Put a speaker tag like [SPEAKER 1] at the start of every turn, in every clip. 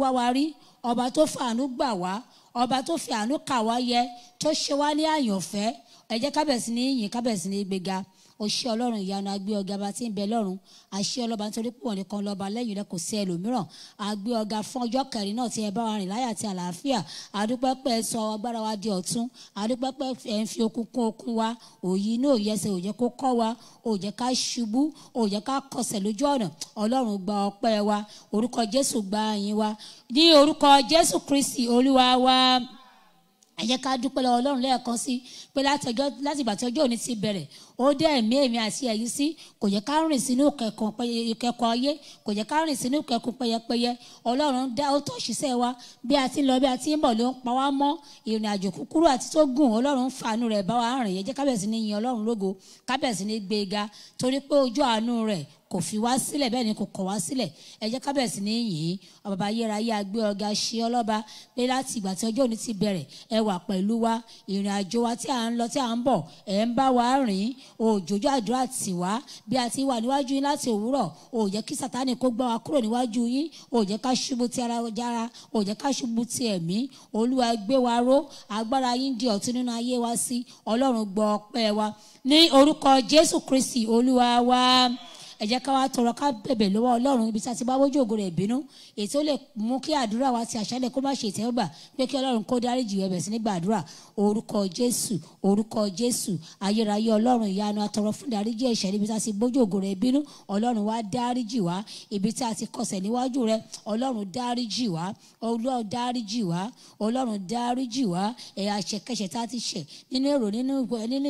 [SPEAKER 1] wá wa rí ọba tó fàánú gbà wá ọba tó fi àánú kà wá yẹ tó ṣe wá ní àyànfẹ́ ẹ jẹ́ kábẹ̀sí ní yìn kábẹ̀sí ní gbéga ọṣẹ́ ọlọ́run ìyanu agbé ọ̀gá bá ti ń bẹ lọ́run àṣẹ ọlọ́ba nítorí pé wọ́n nìkan lọ́ba lẹ́yìn rẹ kò sí ẹlòmíràn agbé ọ̀gá fún ọjọ́ kẹrin náà tí ẹ bá wa rìn láyà àti àlàáfíà àdúpẹ́ pé ẹ sọ agbára wa di ọ̀tún àdúpẹ́ pé ẹ ń fi okun kún okun wa òyì inú òyì ẹsẹ̀ òjẹ́ kó kọ́ wa òjẹ́ ká ṣubú òjẹ́ ká kọsẹ̀ lójú ọ̀nà ọlọ́run gba ọpẹ́ wa orúkọ jésù gba àyìn wa ní orúkọ jésù kristi olúwa wa ẹ jẹ́ ká dúpẹ́ lọ́wọ́ ọlọ́run lẹ́ẹ̀kan sí pé láti ìgbà tí ọjọ́ òní ti bẹ̀rẹ̀ ó dá ẹ̀mí ẹ̀mí àti ẹ̀yìn sí kò yẹ ká rìn sínú ìkẹ́kọ̀ọ́ ayé kò yẹ ká rìn sínú ìkẹ́kọ̀ọ́ pẹyẹpẹyẹ ọlọ́run dá ó tọ́ ṣiṣẹ́ wa bí a ti ń lọ bí a ti ń bọ̀ ló ń pa wá mọ́ ìrìn àjò kúkúrú àti tó gùn ọlọ́run ń fàánú rẹ̀ bá wa rìn yẹn jẹ́ kábẹ̀sí ní yin ọlọ́run lógo kábẹ̀sí ní gbéga torí pé ojú àánú rẹ̀ kò fi wá sílẹ̀ bẹ́ẹ̀ ni kò kọ̀ wá sílẹ̀ ẹ jẹ́ ká ní yìn ọ̀bàbà ayérayé agbé ọ̀gá ṣe ọlọ́ba pé láti ìgbà tí ọjọ́ òní ti bẹ̀rẹ̀ ẹ wà pẹ̀lú wa ìrìn àjò wa tí à ń lọ tí à ń bọ̀ ẹ ń bá wa rìn òjòjò àdúrà tì wá bí a ti wà níwájú yín láti òwúrọ̀ ò jẹ́ kí sátánì kó gbá wa kúrò níwájú yín ò jẹ́ ká ṣubú ti ara jára ò jẹ́ ká ṣubú ti ẹ̀mí olúwa gbé wa ró agbára yín di ọ̀tun nínú ayé wa sí ọlọ́run gbọ́ ọpẹ́ wa ní orúkọ jésù kristi olúwa wa ẹ jẹ́ ká wá tọrọ ká bẹ̀bẹ̀ lọ́wọ́ ọlọ́run ibi tí a ti bá wójú ògo rẹ̀ bínú èyí tó lè mú kí àdúrà wa ti àṣálẹ̀ kó má ṣe ìtẹ́wọ́gbà pé kí ọlọ́run kó dáríjì ẹ̀bẹ̀ sí nígbà àdúrà orúkọ jésù orúkọ jésù ayérayé ọlọ́run ìyanu atọrọ fún ìdáríjì ẹ̀ṣẹ̀ níbi tá a ti gbójú ògo rẹ bínú ọlọ́run wá dáríjì wá ibi tá a ti kọsẹ̀ níwájú rẹ ọlọ́run dáríjì wá ọlọ́run dáríjì wá ọlọ́run dáríjì wá ẹ̀yà àṣẹkẹṣẹ̀ tá a ti ṣẹ̀ nínú èrò nínú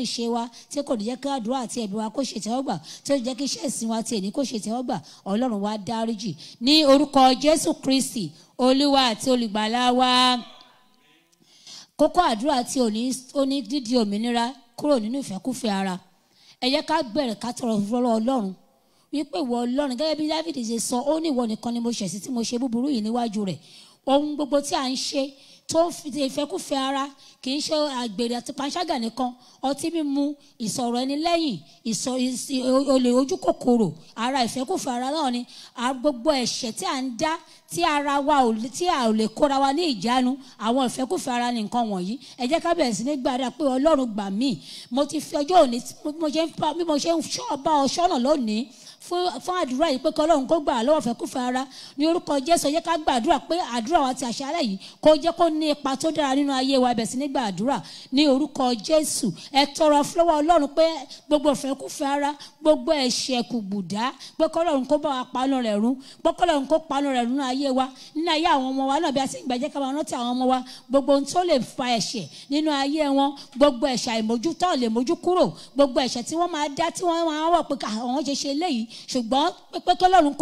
[SPEAKER 1] ìṣe wa tí kò ní jẹ́ kí àdúrà àti ẹ̀bí wa kó ṣe tẹ́wọ́gbà tí ó jẹ́ kí iṣẹ́ ìsìn wa ti èní kó ṣe tẹ́wọ́gbà ọlọ́run wá dáríjì ní orúkọ jésù kristi olúwa àti olùgbàlà wa kókó àdúrà tí ó ní dídí òmìnira kúrò nínú ìfẹ́kúfẹ́ ara ẹ jẹ́ ká bẹ̀rẹ̀ ká tọrọ lọ́wọ́ ọlọ́run wípé ìwọ ọlọ́run gẹ́gẹ́ bí Dáfídì ṣe sọ ó ní ìwọ nìkan ni mo ṣẹ̀sí tí mo ṣe búburú yìí níwájú rẹ̀ ohun gbogbo tí à ń ṣe tó ń fi ìfẹ́kùfẹ́ ara kì í ṣe àgbèrè àti panṣágà nìkan ọtí mímu ìsọ̀rọ̀ ẹni lẹ́yìn olè ojú kòkòrò ara ìfẹ́kùfẹ́ ara náà ni gbogbo ẹ̀ṣẹ̀ tí à ń dá tí ara wa ò tí a ò lè kóra wa ní ìjánu àwọn ìfẹ́kùfẹ́ ara ní nǹkan wọ̀nyí ẹ jẹ́ ká bẹ̀rẹ̀ sí ní gbàdá pé ọlọ́run gbà mí mo ti fi ọjọ́ òní bí mo ṣe ń bá ọ ṣọ́nà lónìí fún fún àdúrà yìí pé kí ọlọ́run kó gbà lọ́wọ́ fẹ́ kú fẹ́ ara ní orúkọ jésù yẹ ká gbàdúrà pé àdúrà wa ti àṣálẹ́ yìí kó jẹ́ kó ní ipa tó dára nínú ayé wa ibẹ̀ sí ní gbàdúrà ní orúkọ jésù ẹ tọrọ fúlọ́wọ́ ọlọ́run pé gbogbo fẹ́ kú fẹ́ ara gbogbo ẹ̀ṣẹ̀ kù gbùdá pé kí ọlọ́run kó bá wa panu rẹ̀ run pé kí ọlọ́run kó panu rẹ̀ run ayé wa nínú ayé àwọn ọmọ wa náà bí a ti ń gbàjẹ́ ká máa rántí àwọn ọmọ wa gbogbo ohun tó lè fa ẹ̀ṣẹ̀ nínú ayé wọn gbogbo ẹ̀ṣẹ̀ àìmójútó lè mójú kúrò gbogbo ẹ̀ṣẹ̀ tí wọ́n máa dá ṣùgbọ́n pé kọ́lọ́run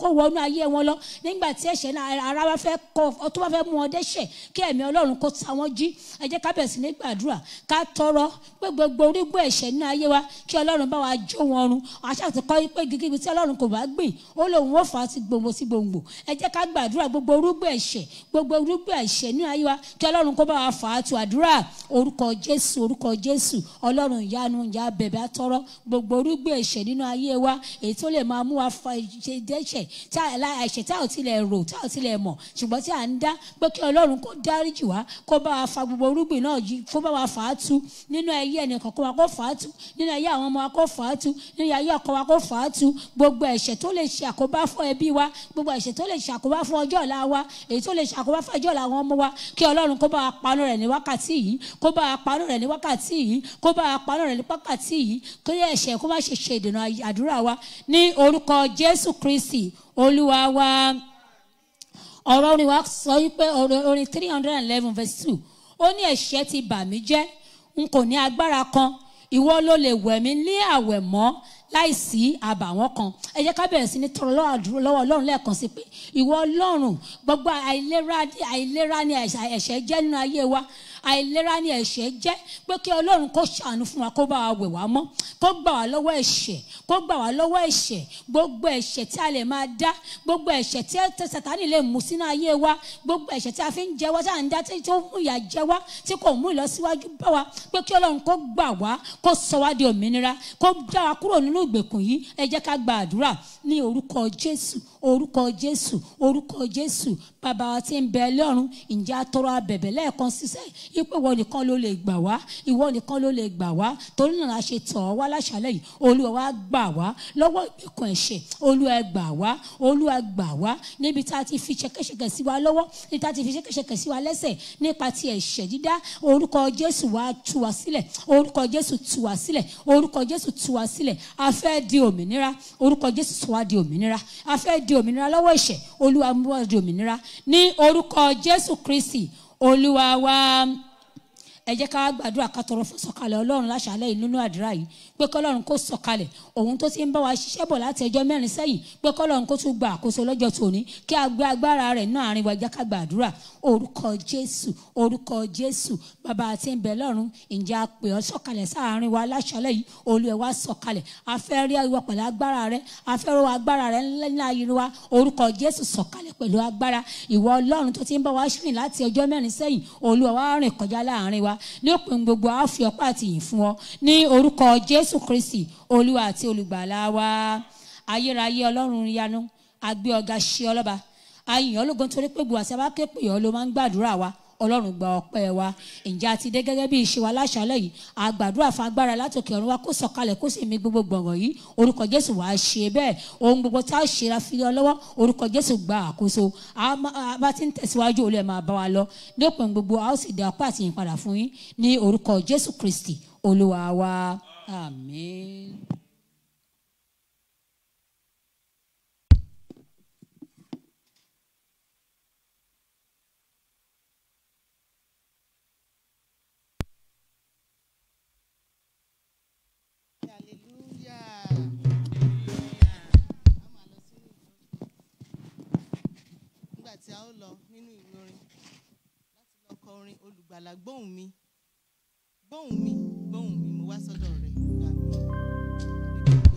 [SPEAKER 1] kó wọnú ayé wọn lọ nígbà tí ẹ̀ṣẹ̀ náà ara wa fẹ́ kọ́ tó bá fẹ́ mú wọn dẹ́ṣẹ̀ kí ẹ̀mí ọlọ́run kó ta wọn jí ẹ jẹ́ ká bẹ̀rẹ̀ sí ní gbàdúrà ká tọrọ pé gbogbo orígbó ẹ̀ṣẹ̀ nínú ayé wa kí ọlọ́run bá wa jó wọn run àṣàtì kọ́ pé gígíbi tí ọlọ́run kò bá gbìn ó lòun ó fà á sí gbòǹgbò sí gbòǹgbò ẹ jẹ́ ká gbàdúrà gbogbo orúgbó ẹ̀ṣẹ̀ gbogbo orúgbó ẹ̀ṣẹ̀ nínú ayé wa kí ọlọ́run kó bá wa fà á tu àdúrà orúkọ jésù orúkọ jésù ọlọ́run ìyanu ìyá bẹ̀bẹ̀ àtọrọ gbogbo orúgbó ẹ̀ṣẹ̀ nínú ayé wa èyí tó lè máa mú wa fa ṣe dẹ́ṣẹ̀ tá àìṣẹ̀ tá ò tilẹ̀ rò tá ò tilẹ̀ mọ̀ ṣùgbọ́n tí à ń dá pé kí ọlọ́run kó dáríjì wá kó bá wa fa gbogbo irúgbìn náà yìí kó bá wa fà á tú nínú ayé ẹnìkan kó wa kó fà á tú nínú ayé àwọn ọmọ wa kó fà á tú nínú ayé ọkọ wa kó fà á tú gbogbo ẹ̀ṣẹ̀ tó lè ṣe àkóbá fún ẹbí wa gbogbo ẹ̀ṣẹ̀ tó lè ṣe àkóbá fún ọjọ́ ọ̀la wa èyí tó lè ṣe àkóbá fún ọjọ́ ọ̀la àwọn ọmọ wa kí ọlọ́run kó bá wa paná rẹ̀ ní wákàtí yìí kó bá wa paná rẹ̀ ní wákàtí yìí kó bá wa paná rẹ̀ ní wákàtí yìí kí ẹ̀ṣẹ̀ kó má ṣe ṣe ìdènà àdúrà wa ní orúkọ Jésù Kristi olúwa wa ọ̀rọ̀ orin wa sọ wípé orin three hundred eleven verse two ó ní ẹ̀ṣẹ̀ ti bà mí jẹ́ n kò ní agbára kan ìwọ ló lè wẹ̀ mí ní àwẹ̀ mọ́ láìsí àbàwọ́n kan ẹ jẹ́ ká bẹ̀rẹ̀ sí ní tọrọ lọ́wọ́ ọlọ́run lẹ́ẹ̀kan sí pé ìwọ ọlọ́run gbogbo àìlera àìlera ni ẹ̀ṣẹ̀ jẹ́ nínú ayé wa àìlera ni ẹ̀ṣẹ̀ jẹ́ pé kí ọlọ́run kó ṣàánú fún wa kó bá wa wẹ̀ wá mọ́ kó gbà wá lọ́wọ́ ẹ̀ṣẹ̀ kó gbà wá lọ́wọ́ ẹ̀ṣẹ̀ gbogbo ẹ̀ṣẹ̀ tí a lè máa dá gbogbo ẹ̀ṣẹ̀ tí Sátánì lè mú sínú ayé wa gbogbo ẹ̀ṣẹ̀ tí a fi ń jẹ wá tí à ń dá tí ó mú ìyà jẹ wá tí kò mú ìlọsíwájú bá wa pé kí ọlọ́run kó gbà wá kó sọ wá di òmìnira kó dá wa kúrò nínú ìgbèkùn yìí ẹ jẹ́ ká gba àdúrà ní orúkọ Jésù orúkọ Jésù orúkọ Jésù bàbá wa tí ń bẹ lọ́run ǹjẹ́ tọrọ abẹ̀bẹ̀ lẹ́ẹ̀kan sísẹ́ ipe ìwọ nìkan ló lè gbà wá ìwọ nìkan ló lè gbà wá torí náà la ṣe tàn ọ́ wá láṣálẹ̀ yìí olúwa wá gbà wá lọ́wọ́ ìgbèkùn ẹ̀ṣẹ̀ olúwa gbà wá olúwa gbà wá níbi tá a ti fi ṣẹ̀kẹ̀ṣẹ̀kẹ̀ sí wa lọ́wọ́ níbi tá a ti fi ṣẹ̀kẹ̀ṣẹ̀kẹ̀ sí wa lẹ́sẹ̀ nípa ti ẹ̀ṣẹ̀ dídá orúkọ jésù wá tú wa sílẹ̀ orúkọ jésù tú wa sílẹ̀ orúkọ jésù tú wa sílẹ̀ a fẹ́ di òmìnira orúkọ jésù sọ wá di òmìnira a fẹ́ di òmìnira lọ́wọ́ ẹ̀ṣẹ̀ olúwa mú wa di òmìnira ní orúkọ jésù kristi olúwa wa ẹ jẹ́ ká gbàdúrà ká tọrọ fún sọ̀kalẹ̀ ọlọ́run láṣàlẹ̀ yìí nínú àdúrà yìí pé kọ́lọ́run kó sọ̀kalẹ̀ òun tó ti ń bá wa ṣiṣẹ́ bọ̀ láti ẹjọ́ mẹ́rin sẹ́yìn pé kọ́lọ́run kó tún gba àkóso lọ́jọ́ tòní kí a gbé agbára rẹ̀ náà àárín wa jẹ́ ká gbàdúrà orúkọ jésù orúkọ jésù bàbá àti ń bẹ lọ́run ǹjẹ́ a pè ọ́ sọ̀kalẹ̀ sáàárín wa láṣàlẹ̀ yìí olú ẹ̀ wá sọ̀kalẹ̀ a fẹ́ rí ìwọ pẹ̀lú agbára rẹ a fẹ́ rọ wa wa ní òpin gbogbo a fi ọpẹ́ àti ìyìn fún ọ ní orúkọ jésù kristi olúwa àti olùgbàlà wa ayérayé ọlọ́run yanu agbé ọ̀gá ṣe ọlọ́ba ayìn ọlọ́gbọ́n torí pé gbòòsì abákẹ́pẹ́ ọ ló máa ń gbàdúrà wa ọlọ́run gba ọpẹ́ wa ǹjẹ́ a ti dé gẹ́gẹ́ bí ìṣe wa láṣálẹ̀ yìí àgbàdúrà fún agbára látòkè ọ̀run wa kó sọ̀kalẹ̀ kó sì mì gbogbo gbọ̀ngàn yìí orúkọ jésù wàá ṣe bẹ́ẹ̀ ohun gbogbo tá a ṣe ra fi lọ lọ́wọ́ orúkọ jésù gba àkóso a bá ń tẹ̀síwájú olè máa bá wa lọ dópin gbogbo a ó sì dá ọpẹ́ àti ìyìn padà fún yín ní orúkọ jésù kristi olúwa wa àmín.
[SPEAKER 2] àgbàlá gbóhùn mi gbóhùn mi gbóhùn mi mo wá sọ́dọ̀ rẹ̀ gbà mí.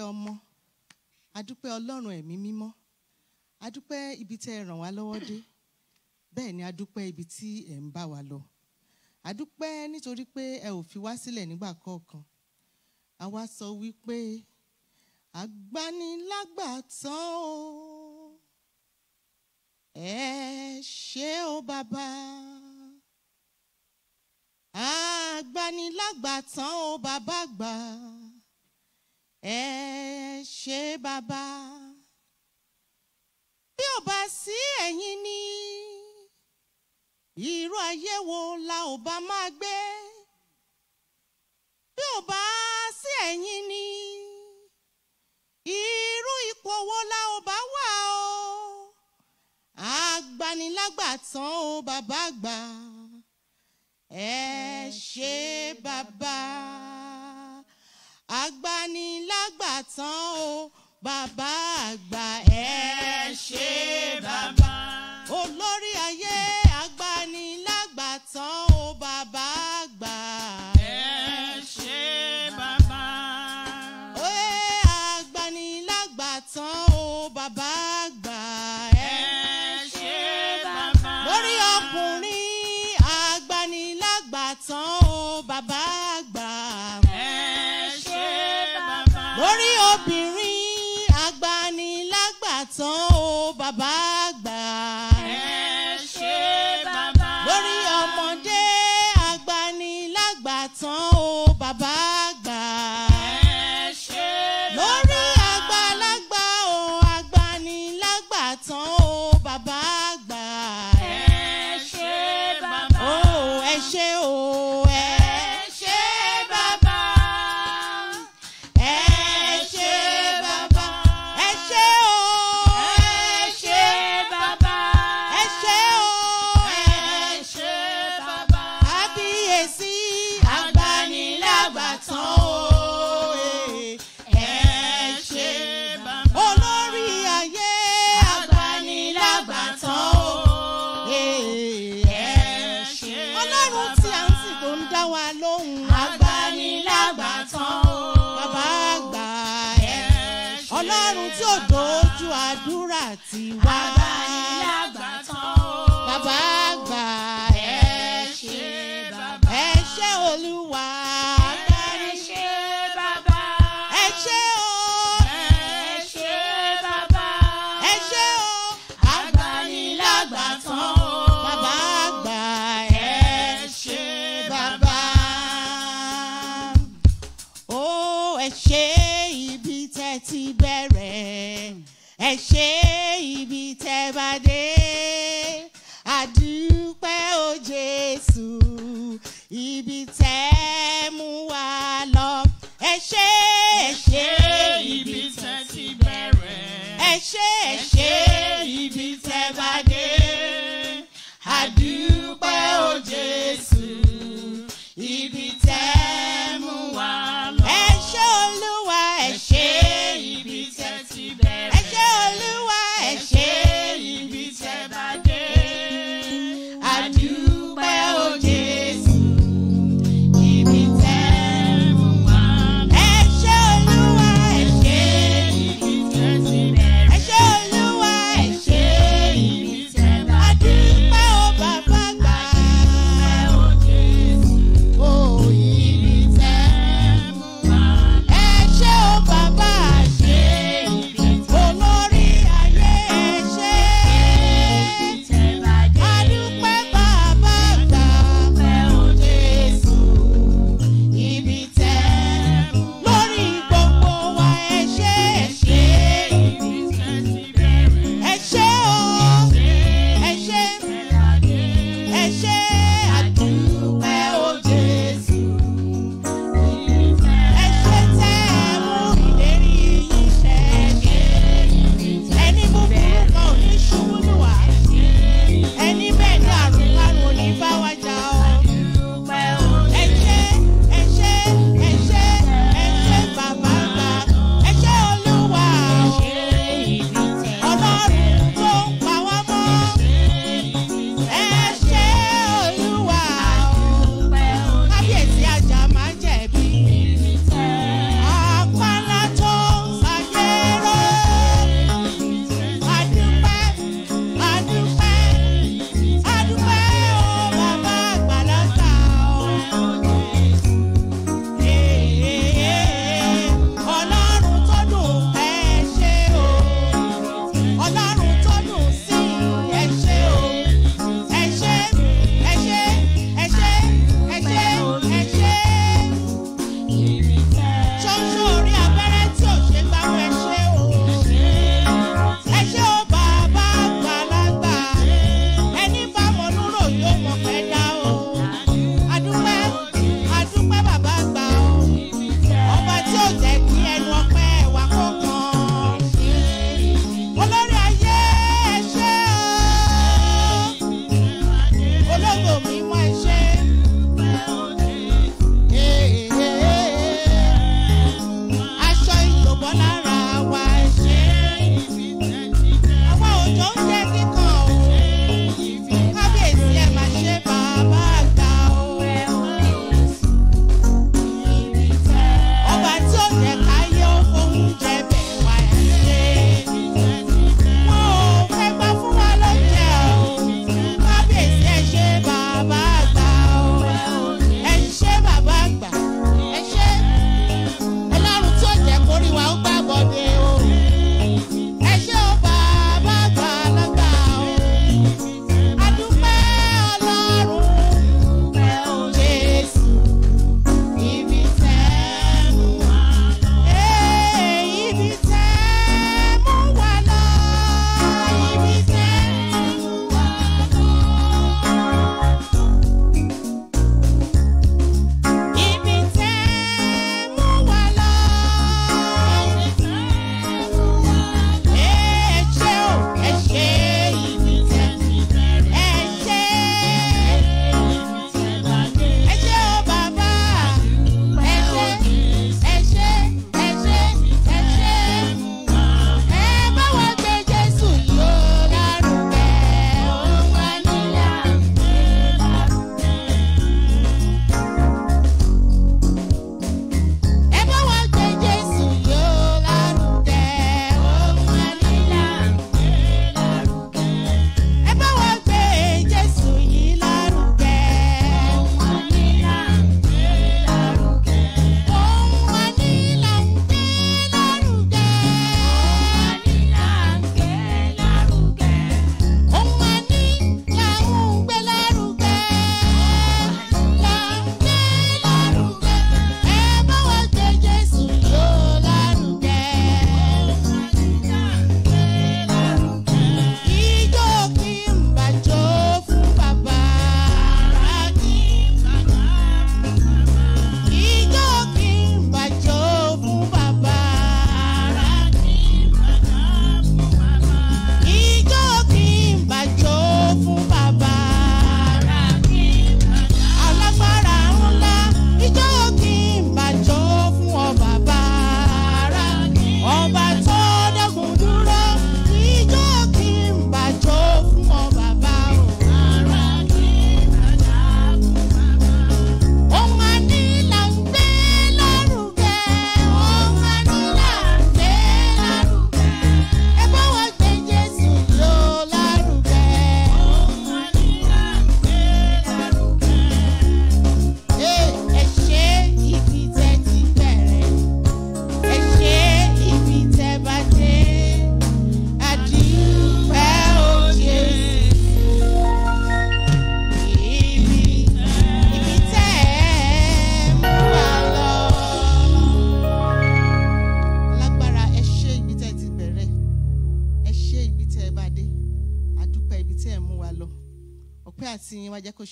[SPEAKER 2] adúpẹ́ ọmọ adúpẹ́ ọlọ́run ẹ̀mí mímọ́ adúpẹ́ ibi tẹ́ ẹ ràn wá lọ́wọ́ dé bẹ́ẹ̀ ni adúpẹ́ ibi tí ẹ̀ ń bá wa lọ adúpẹ́ nítorí pé ẹ ò fi wá sílẹ̀ nígbà kọ̀ọ̀kan àwa sọ wípé agbanilágbàtàn o ẹ ṣé o bàbá agbanilágbàtàn o bàbá gbà ẹ ṣé bàbá bí ò bá sí ẹ̀yin ni irú ayé wo la ò bá máa gbé bí ò bá sí ẹ̀yin ni irú ipò wo la ò bá wà o agbanilágbàtàn o bàbá àgbà ẹ ṣé bàbá agbanilágbàtàn o bàbá àgbà ẹ ṣé bàbá. Bye. ibi tẹ́ ẹ mú wa lọ. ẹ ṣé ẹ ṣé ibi tẹ́ ti bẹ̀rẹ̀. ẹ ṣé ẹ ṣé ibi tẹ́ bá dé. àdúpẹ́ o Jésù ibi tẹ́.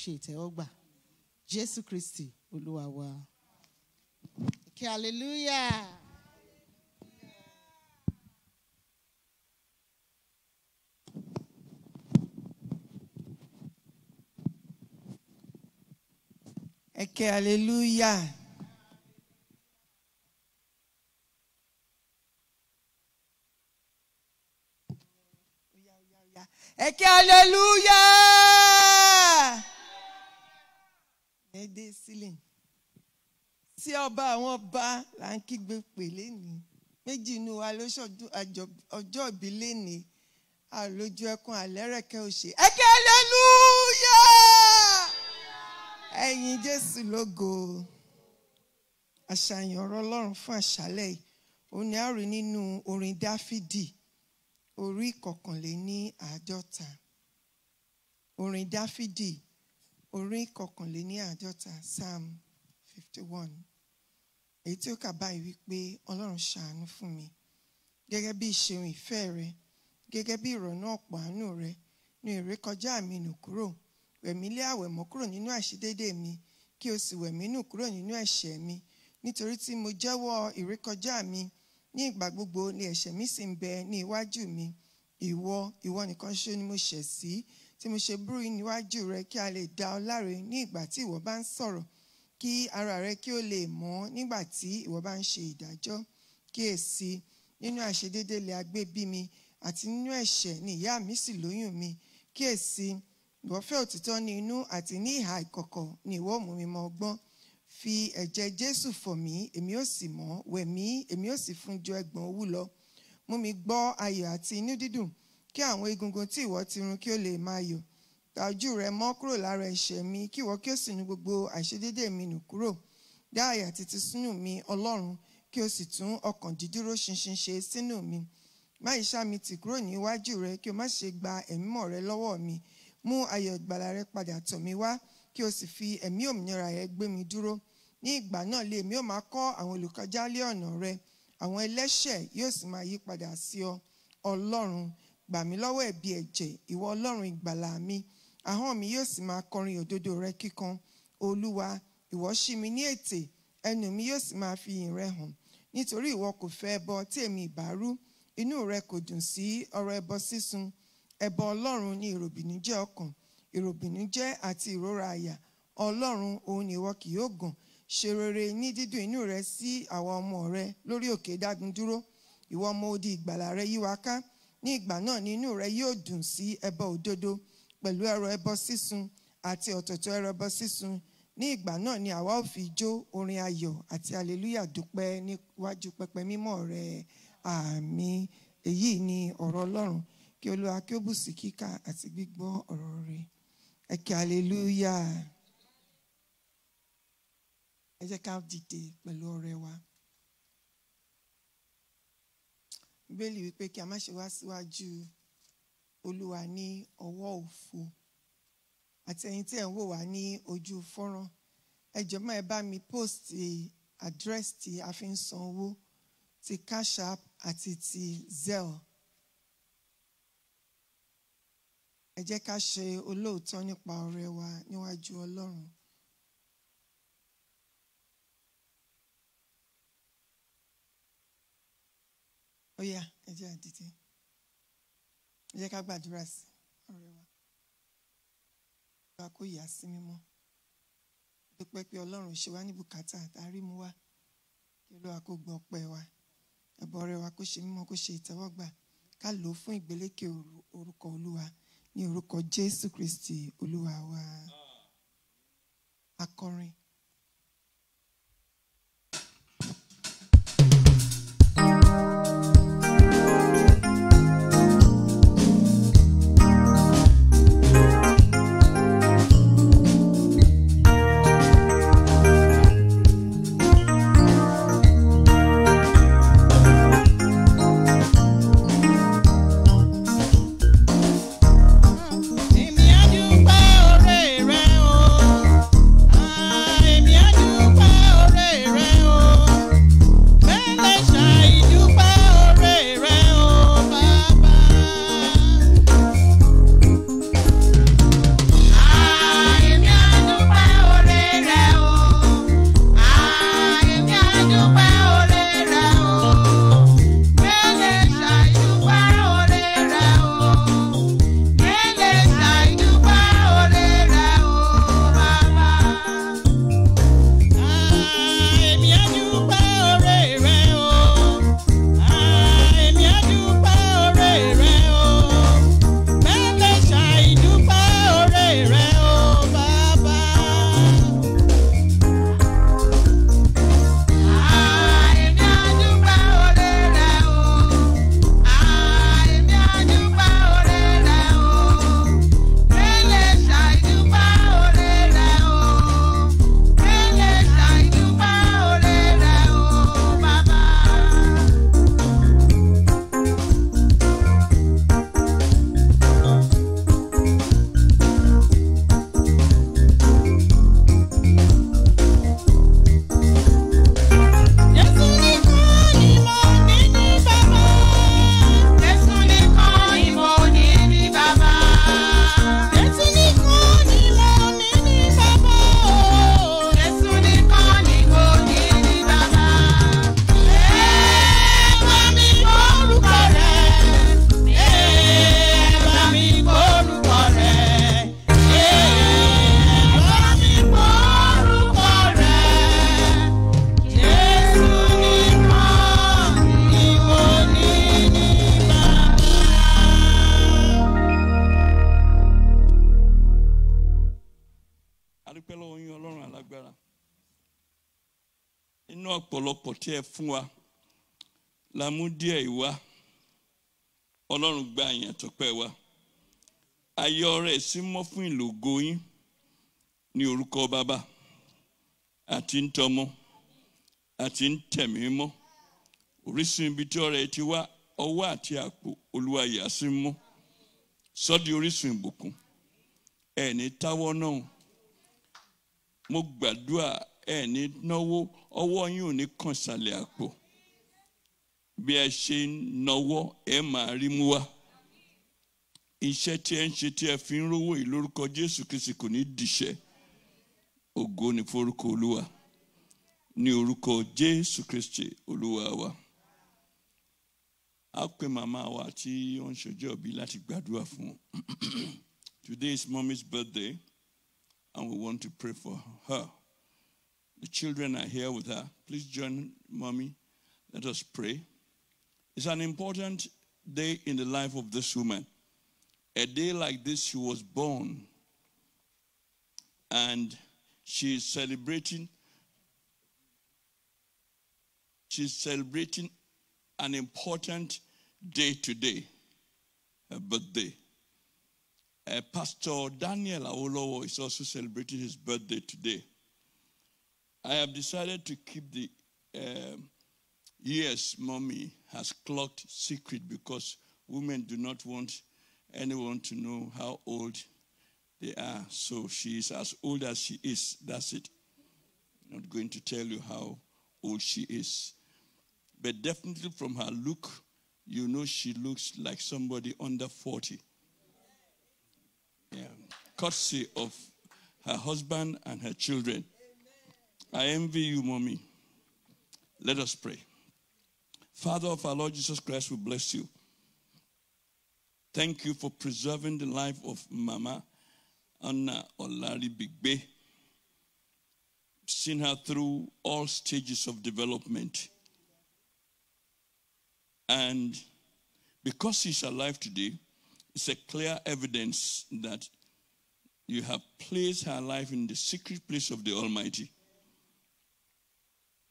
[SPEAKER 2] ṣe ìtẹ́wọ́gbà jésù kristi olúwa kí hallelujah.
[SPEAKER 3] ẹ kí hallelujah. Eke aleluya! fẹ́ dé sílẹ̀ tí ọba àwọn ọba là ń kígbe pè lénìí méjì inú wa ló ṣọdún ọjọ́ ìbí lénìí àlójú ẹkùn àlẹ́rẹ̀kẹ́ òṣè ẹ̀kẹ́ hallelúyà ẹ̀yin Jésù lógo àṣàyàn ọ̀rọ̀ Ọlọ́run fún àṣálẹ̀ yìí òun ni a rí nínú orin Dáfídì orí ìkọkànléní àádọ́ta orin Dáfídì orí kọkànléní àádọ́ta psalm fifty one èyí tí ó kà báyìí wípé ọlọ́run ṣàánú fún mi gẹ́gẹ́ bí ìṣeun ìfẹ́ rẹ gẹ́gẹ́ bí ìrọ̀nà ọ̀pọ̀ àánú rẹ ní ìrékọjá mi nù kúrò wẹ̀mí lé àwẹ̀ mọ́ kúrò nínú àṣedédé mi kí o sì wẹ̀mí nù kúrò nínú ẹ̀ṣẹ̀ mi nítorí tí mo jẹ́wọ́ ìrékọjá mi ní ìgbà gbogbo ni ẹ̀ṣẹ̀ mi sì ń bẹ ní iwájú mi ìwọ ìwọ nìkan ṣe ni mo ṣẹ̀ sí tí mo ṣe burú yìí níwájú rẹ kí a lè dá ọ láre ní ìgbà tí ìwọ bá ń sọ̀rọ̀ kí ara rẹ kí ó lè mọ́ nígbà tí ìwọ bá ń ṣe ìdájọ́ kíyèsí nínú àìṣedédé lè agbé bí mi àti nínú ẹ̀ṣẹ̀ ni ìyá mi sì lóyún mi kíyèsí ìwọ fẹ́ òtítọ́ ní inú àti ní ìhà ìkọ̀kọ̀ ni ìwọ mú mi mọ ọgbọ́n fi ẹ̀jẹ̀ jésù fọ̀ mí èmi ò sì mọ́ wẹ̀ èmi ò sì fún ju ẹgbọ̀n owú lọ mú mi gbọ́ ayọ̀ àti inú dídùn kí àwọn egungun tí ìwọ ti run kí ó lè máa yọ̀ ta ojú rẹ mọ́ kúrò lára ẹ̀ṣẹ̀ mi kí ìwọ kí ó sì nu gbogbo àìṣedédé mi nù kúrò dá àyà títí sínú mi ọlọ́run kí o sì tún ọkàn dídúró ṣinṣin ṣe sínú mi má ìṣá mi tì kúrò níwájú rẹ kí o má ṣe gba ẹ̀mímọ́ rẹ lọ́wọ́ mi mú ayọ̀ ìgbàlà rẹ padà tọ̀ mí wá kí o sì fi ẹ̀mí òmìnira rẹ gbé mi dúró ní ìgbà náà lé mi ó máa kọ́ àwọn olùkọjá lé ọ̀nà rẹ àwọn ẹlẹ́ṣẹ̀ yóò sì máa yí padà sí ọ ọlọ́run gbà mí lọ́wọ́ ẹ̀bi ẹ̀jẹ̀ ìwọ ọlọ́run ìgbàlà mi ahọ́n mi yóò sì máa kọrin òdodo rẹ kíkan olúwa ìwọ ṣí mi ní ètè ẹnu mi yóò sì máa fi ìyìn rẹ hàn nítorí ìwọ kò fẹ́ ẹbọ tí èmi ìbá rú inú rẹ kò dùn sí ọrọ ẹbọ sísun ẹbọ ọlọ́run ni ìròbìnújẹ́ ọkàn ìròbìnújẹ́ àti ìrora àyà ọlọ́run òun ni ìwọ kì yóò gàn ṣe rere ní dídùn inú rẹ sí àwa ọmọ rẹ lórí òkè dágundúró ìwọ ọmọ odi ìgbàlà rẹ yí ká ní ìgbà náà ni inú rẹ yóò dùn sí ẹbọ òdodo pẹ̀lú ẹrọ ẹbọ sísun àti ọ̀tọ̀tọ̀ ẹrọ ẹbọ sísun ní ìgbà náà ni àwa ò fi jó orin ayọ̀ àti aleluya dúpẹ́ níwájú pẹpẹ mímọ́ rẹ àmín èyí ni ọ̀rọ̀ ọlọ́run kí olúwa kí ó bù sí kíkà àti gbígbọ́ ọ̀rọ̀ rẹ ẹ kí aleluya ẹ jẹ́ ká dìde pẹ̀lú ọrẹ wa. bíbélì wípé kí a má ṣe wá síwájú olúwa ní ọwọ́ òfo àti ẹ̀yin tí ẹ̀ ń wò wá ní ojú fọ́nrán ẹ jọ̀ọ́ má ẹ bá mi post address tí a fi ń san owó ti cash app àti ti zelle ẹ jẹ́ ká ṣe olóòótọ́ nípa ọrẹ wa níwájú ọlọ́run ó yá ẹ jẹ́ àdìtì ẹ jẹ́ ká gbàdúrà sí ọ̀rẹ́ wa ìjọba kó yà sí mímọ́ dúpẹ́ pé ọlọ́run ṣe wá ní bùkátà àtàrí mu wá kí olúwa kó gbọ́ ọpẹ́ wa ẹ̀bọ ọrẹ wa kó ṣe mímọ́ kó ṣe ìtẹ́wọ́gbà ká lò ó fún ìgbélékè orúkọ olúwa ní orúkọ jésù kristi olúwa wa akọrin
[SPEAKER 4] ọ̀pọ̀lọpọ̀ tí ẹ fún wa la mú díẹ̀ ìwá ọlọ́run gba àyàn tó pẹ́ wa ayọ̀ rẹ̀ sí mọ́ fún ìlògo yín ní orúkọ bàbá àti ń àti ń orísun ibi tí ọrẹ ti wá ọwọ́ àti àpò olúwa yà sí mọ́ sọ́dí orísun ìbùkún ẹ̀ ní táwọ́ náà mo gbàdúrà ẹ ní náwó ọwọ́ yín ò ní kàn sàlẹ̀ àpò bí ẹ ṣe ń náwó ẹ máa rí mú wá iṣẹ́ tí ẹ ń ṣe tí ẹ fi ń rówó yìí lórúkọ Jésù Kristi kò ní dìṣẹ́ ògo ni forúkọ Olúwa ní orúkọ Jésù Kristi Olúwa wa a pè màmá wa tí ó ń ṣojú ọbí láti gbàdúrà fún today is mommy's birthday and we want to pray for her. The children are here with her. Please join mommy. Let us pray. It's an important day in the life of this woman. A day like this, she was born. And she is celebrating. She's celebrating an important day today, her birthday. Uh, Pastor Daniel Aolowo is also celebrating his birthday today. I have decided to keep the uh, yes, mommy has clocked secret because women do not want anyone to know how old they are. So she is as old as she is. That's it. I'm not going to tell you how old she is. But definitely from her look, you know she looks like somebody under 40. Yeah. Courtesy of her husband and her children. I envy you, mommy. Let us pray. Father of our Lord Jesus Christ, we bless you. Thank you for preserving the life of Mama Anna Olari Bigbe. Seen her through all stages of development. And because she's alive today, it's a clear evidence that you have placed her life in the secret place of the Almighty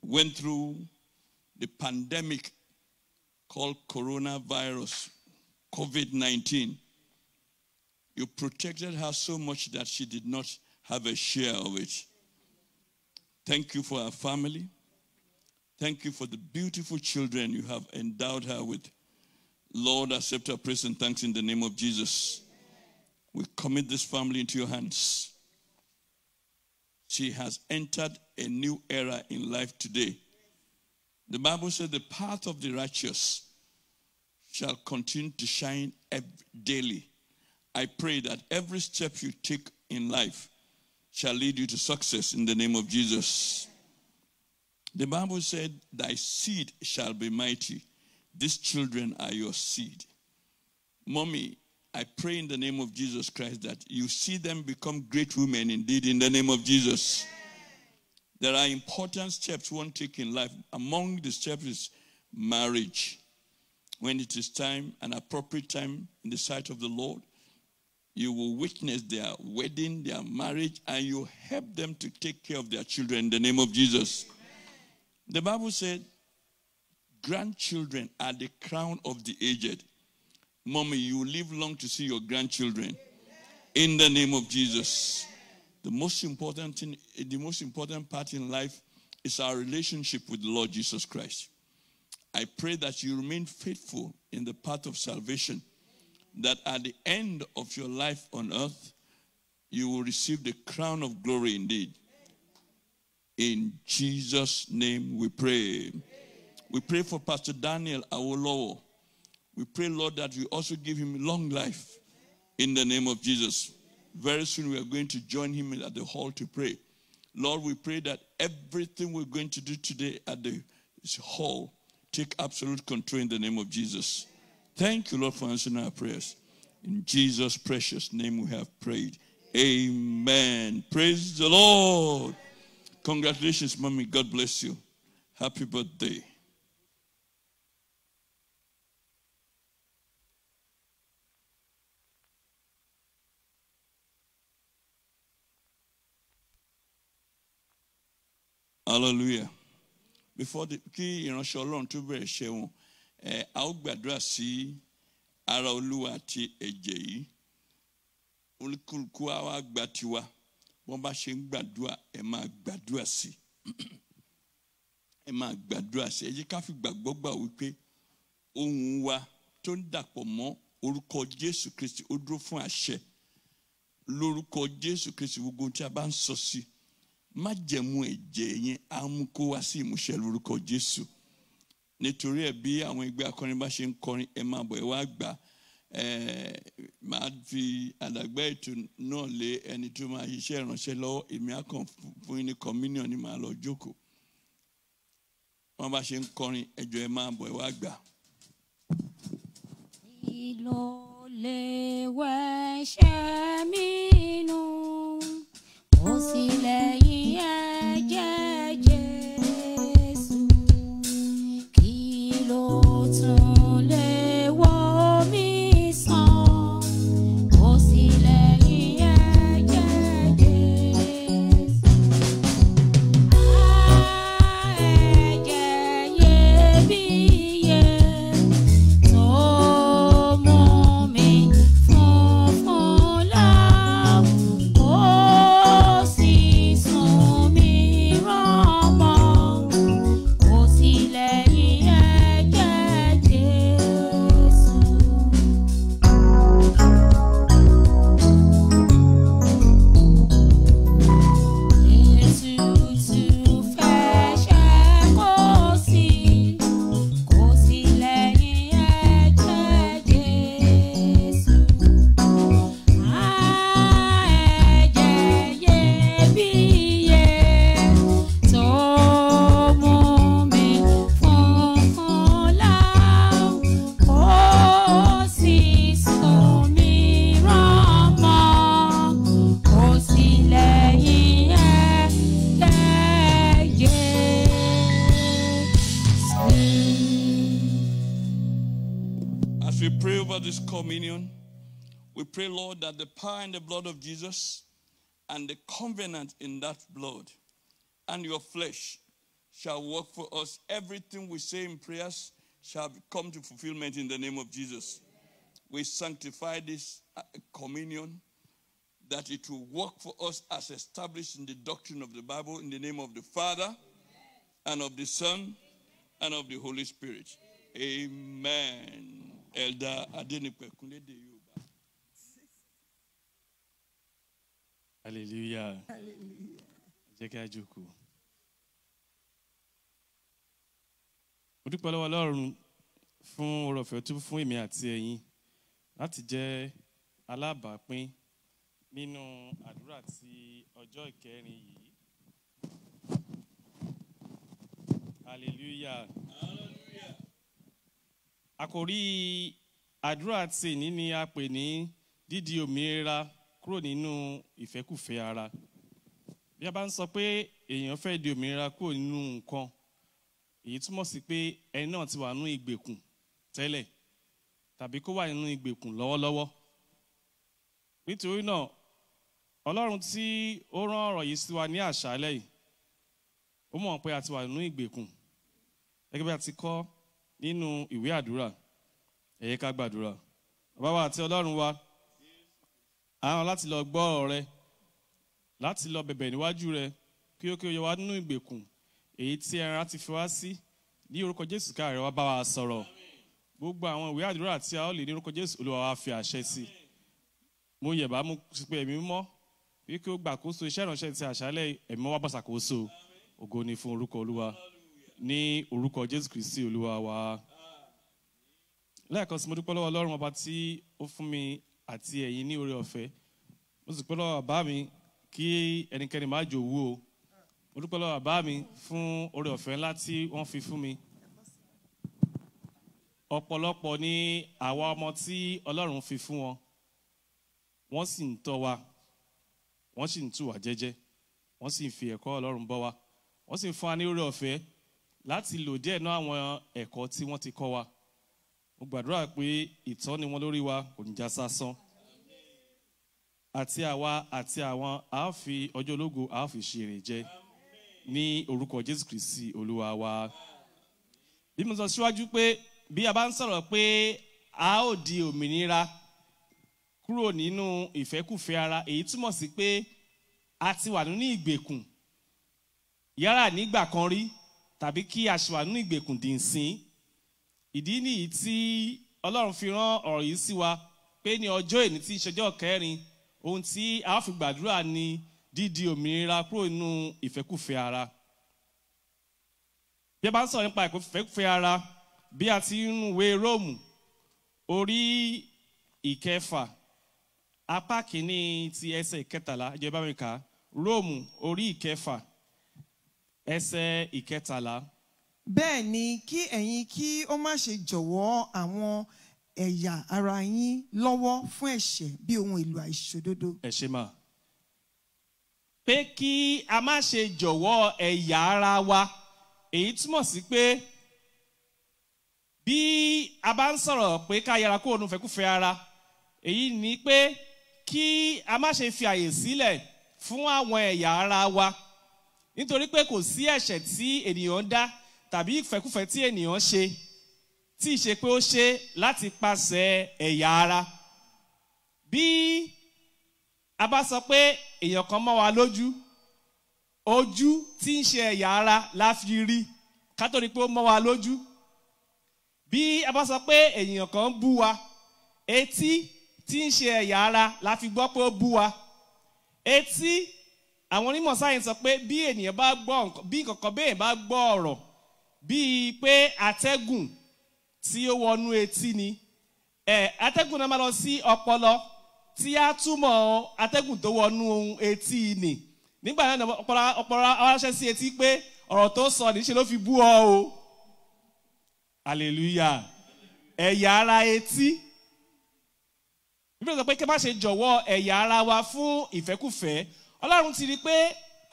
[SPEAKER 4] went through the pandemic called coronavirus, COVID 19, you protected her so much that she did not have a share of it. Thank you for her family. Thank you for the beautiful children you have endowed her with. Lord, accept our praise and thanks in the name of Jesus. We commit this family into your hands. She has entered a new era in life today. The Bible says the path of the righteous shall continue to shine daily. I pray that every step you take in life shall lead you to success in the name of Jesus. The Bible said, Thy seed shall be mighty. These children are your seed. Mommy, I pray in the name of Jesus Christ that you see them become great women indeed in the name of Jesus. There are important steps one take in life. Among the steps is marriage. When it is time, an appropriate time in the sight of the Lord, you will witness their wedding, their marriage, and you help them to take care of their children in the name of Jesus. The Bible said, grandchildren are the crown of the aged. Mommy, you live long to see your grandchildren. In the name of Jesus. The most important thing, the most important part in life is our relationship with the Lord Jesus Christ. I pray that you remain faithful in the path of salvation, that at the end of your life on earth, you will receive the crown of glory indeed. In Jesus' name we pray. We pray for Pastor Daniel Awolowo. We pray, Lord, that you also give him long life in the name of Jesus. Very soon we are going to join him at the hall to pray. Lord, we pray that everything we're going to do today at the hall take absolute control in the name of Jesus. Thank you, Lord, for answering our prayers. In Jesus' precious name we have prayed. Amen. Praise the Lord. Congratulations, mommy. God bless you. Happy birthday. hallelujah before the kí ìránṣẹ́ ọlọ́run tó bẹ̀rẹ̀ ṣe wọn ẹ a ó gbàdúrà sí ara olúwa àti ẹ̀jẹ̀ yìí olúkúlùkù á wá gba tiwa wọ́n bá ṣe ń gbàdúrà ẹ máa gbàdúrà sí ẹ máa gbàdúrà sí ẹ jẹ́ ká fi gbàgbọ́ gbà wípé ohun wa tó ń dàpọ̀ mọ́ orúkọ jésù kristi ó dúró fún àṣẹ lórúkọ jésù kristi gbogbo tí a bá ń sọ sí i májẹ̀mú ẹ̀jẹ̀ yẹn á mú kó wá sí ìmúṣẹ lórúkọ Jésù nítorí ẹ̀ bí àwọn ẹgbẹ́ akọrin bá ṣe ń kọrin ẹ máa bọ̀ ẹ wá gbà ẹ máa fi àdàgbà ètò náà lé ẹni tó máa ṣiṣẹ́ ìránṣẹ́ lọ́wọ́ èmi á fún yín ní communion ni màá lọ jókòó wọ́n bá ṣe ń kọrin ẹjọ́ ẹ máa bọ̀ ẹ wá gbà.
[SPEAKER 1] kí ló lè wẹ̀ṣẹ̀ mi nù kò sí lẹ́yìn ẹ̀.
[SPEAKER 4] pray, Lord, that the power in the blood of Jesus and the covenant in that blood and your flesh shall work for us. Everything we say in prayers shall come to fulfillment in the name of Jesus. We sanctify this uh, communion that it will work for us as established in the doctrine of the Bible in the name of the Father and of the Son and of the Holy Spirit. Amen. Elder Adenipe Kunle Hallelujah.
[SPEAKER 3] Hallelujah.
[SPEAKER 4] Jẹ́ kí a jókòó.
[SPEAKER 5] Mo dúpẹ́ lọ́wọ́ Ọlọ́run fún ọrọ̀ ọ̀fẹ́ tó fún èmi àti ẹ̀yin láti jẹ́ alábàápín nínú àdúrà ti ọjọ́ ìkẹrin yìí. Hallelujah. Hallelujah. Àkòrí àdúrà tì ní ni a pè ní dídi òmìnira kúrò nínú ìfẹ́kùfẹ́ ara bí a bá ń sọ pé èèyàn fẹ́ di òmìnira kúrò nínú nǹkan èyí túmọ̀ sí pé ẹni náà ti wà nínú ìgbèkùn tẹ́lẹ̀ tàbí kó wà nínú ìgbèkùn lọ́wọ́lọ́wọ́ nítorí náà ọlọ́run tí ó rán ọ̀rọ̀ yìí sí wa ní àṣálẹ́ yìí ó mọ̀ pé a ti wà nínú ìgbèkùn gẹ́gẹ́ bí a ti kọ́ nínú ìwé àdúrà ẹ̀yẹ ká gbàdúrà bàbá àti ọlọ́run wa àwọn láti lọ gbọ́ ọ̀rọ̀ rẹ láti lọ bẹ̀bẹ̀ níwájú rẹ kí ó kí ó yọ wá nínú ìgbèkùn èyí tí ẹran ti fi wá sí ní orúkọ Jésù káàrẹ wá bá wa sọ̀rọ̀ gbogbo àwọn ìwé àdúrà tí a ó lè ní orúkọ Jésù Olúwa wa fi àṣẹ sí mo yẹ̀bá mú pé ẹ̀mí mọ́ bí kí ó gbàkóso iṣẹ́ ìránṣẹ́ ti àṣálẹ̀ ẹ̀mí mọ́ wá gbàṣàkóso ògo ni fún orúkọ Olúwa ní orúkọ Jésù Kristi Olúwa wa lẹ́ẹ̀kan sí mo dúpẹ́ lọ́wọ́ Ọlọ́run ọba tí ó fún mi àti ẹ̀yin ní oore ọ̀fẹ́ mo sì pẹ́ lọ́wọ́ bàbá mi kí ẹnikẹ́ni má jò wú o mo dúpẹ́ lọ́wọ́ bàbá mi fún oore ọ̀fẹ́ ńlá tí wọ́n fi fún mi ọ̀pọ̀lọpọ̀ ni àwa ọmọ tí Ọlọ́run fi fún wọn wọ́n sì ń tọ́ wa wọ́n sì ń tù wá jẹ́jẹ́ wọ́n sì ń fi ẹ̀kọ́ Ọlọ́run bọ́ wa wọ́n sì ń fún wa ní oore ọ̀fẹ́ láti lò díẹ̀ náà àwọn ẹ̀kọ́ tí wọ́n ti kọ́ wa mo gbàdúrà pé ìtọ́ni wọn lórí wa kò ní já sásán àti àwa àti àwọn àáfi ọjọ́ ológo àáfi ṣeré jẹ ní orúkọ Jésù Kristi olúwa wa bí mo sọ síwájú pé bí a bá ń sọ̀rọ̀ pé a ó di òmìnira kúrò nínú ìfẹ́kùfẹ́ ara èyí túmọ̀ sí pé a ti wà nínú ìgbèkùn yálà nígbà kan rí tàbí kí a ṣì wà nínú ìgbèkùn dìnsìn ìdí nìyí tí ọlọ́run fi rán ọ̀rọ̀ yìí sí wa pé ní ọjọ́ èní tí ìṣọjọ́ kẹrin ohun tí a fi gbàdúrà ni dídi òmìnira kúrò nínú ìfẹ́kùfẹ́ ara bí a bá ń sọ̀rọ̀ nípa ìfẹ́kùfẹ́ ara bí a ti ń wé róòmù orí ìkẹfà apá kìíní ti ẹsẹ̀ ìkẹtàlá ìjọba mi róòmù orí ìkẹfà ẹsẹ̀ ìkẹtàlá
[SPEAKER 3] bẹ́ẹ̀ ni kí ẹ̀yin kí ó má ṣe jọ̀wọ́ àwọn ẹ̀yà ara yín lọ́wọ́ fún ẹ̀ṣẹ̀ bí ohun èlò àìṣòdodo.
[SPEAKER 5] ẹ ṣe máa pé kí a má ṣe jọ̀wọ́ ẹ̀yà ara wa èyí túmọ̀ sí pé bí a bá ń sọ̀rọ̀ pé ká yára kó òun fẹ́kúfẹ́ ara èyí ni pé kí a má ṣe fi àyè sílẹ̀ fún àwọn ẹ̀yà ara wa nítorí pé kò sí ẹ̀ṣẹ̀ tí ènìyàn ń dá tàbí ìfẹ́kúfẹ́ tí ènìyàn ṣe tí ì ṣe pé ó ṣe láti pàṣẹ ẹ̀yà ara bí a bá sọ pé èèyàn kan mọ́ wa lójú ojú tí ń ṣe ẹ̀yà ara la fi rí ká tó pé ó mọ́ wa lójú bí a bá sọ pé èèyàn kan bú wa etí tí ń ṣe ẹ̀yà ara la fi gbọ́ pé ó bú wa etí àwọn onímọ̀ sáyẹ̀nsì sọ pé bí ènìyàn bá gbọ́ bí nǹkan kan bẹ́ẹ̀ bá gbọ́ ọ̀rọ̀ bíi pé atẹ́gùn tí ó wọnú etí ni ẹ atẹ́gùn náà máa lọ sí ọpọlọ tí a túmọ̀ atẹ́gùn tó wọnú etí ni nígbà náà ọpọlọ aráṣẹ́ sí etí pé ọ̀rọ̀ tó sọ níṣẹ́ ló fi bú ọ o hallelujah ẹ̀yà ara etí bíbélì sọ pé kí a má ṣe jọ̀wọ́ ẹ̀yà ara wa fún ìfẹ́kùfẹ́ ọlọ́run ti rí i pé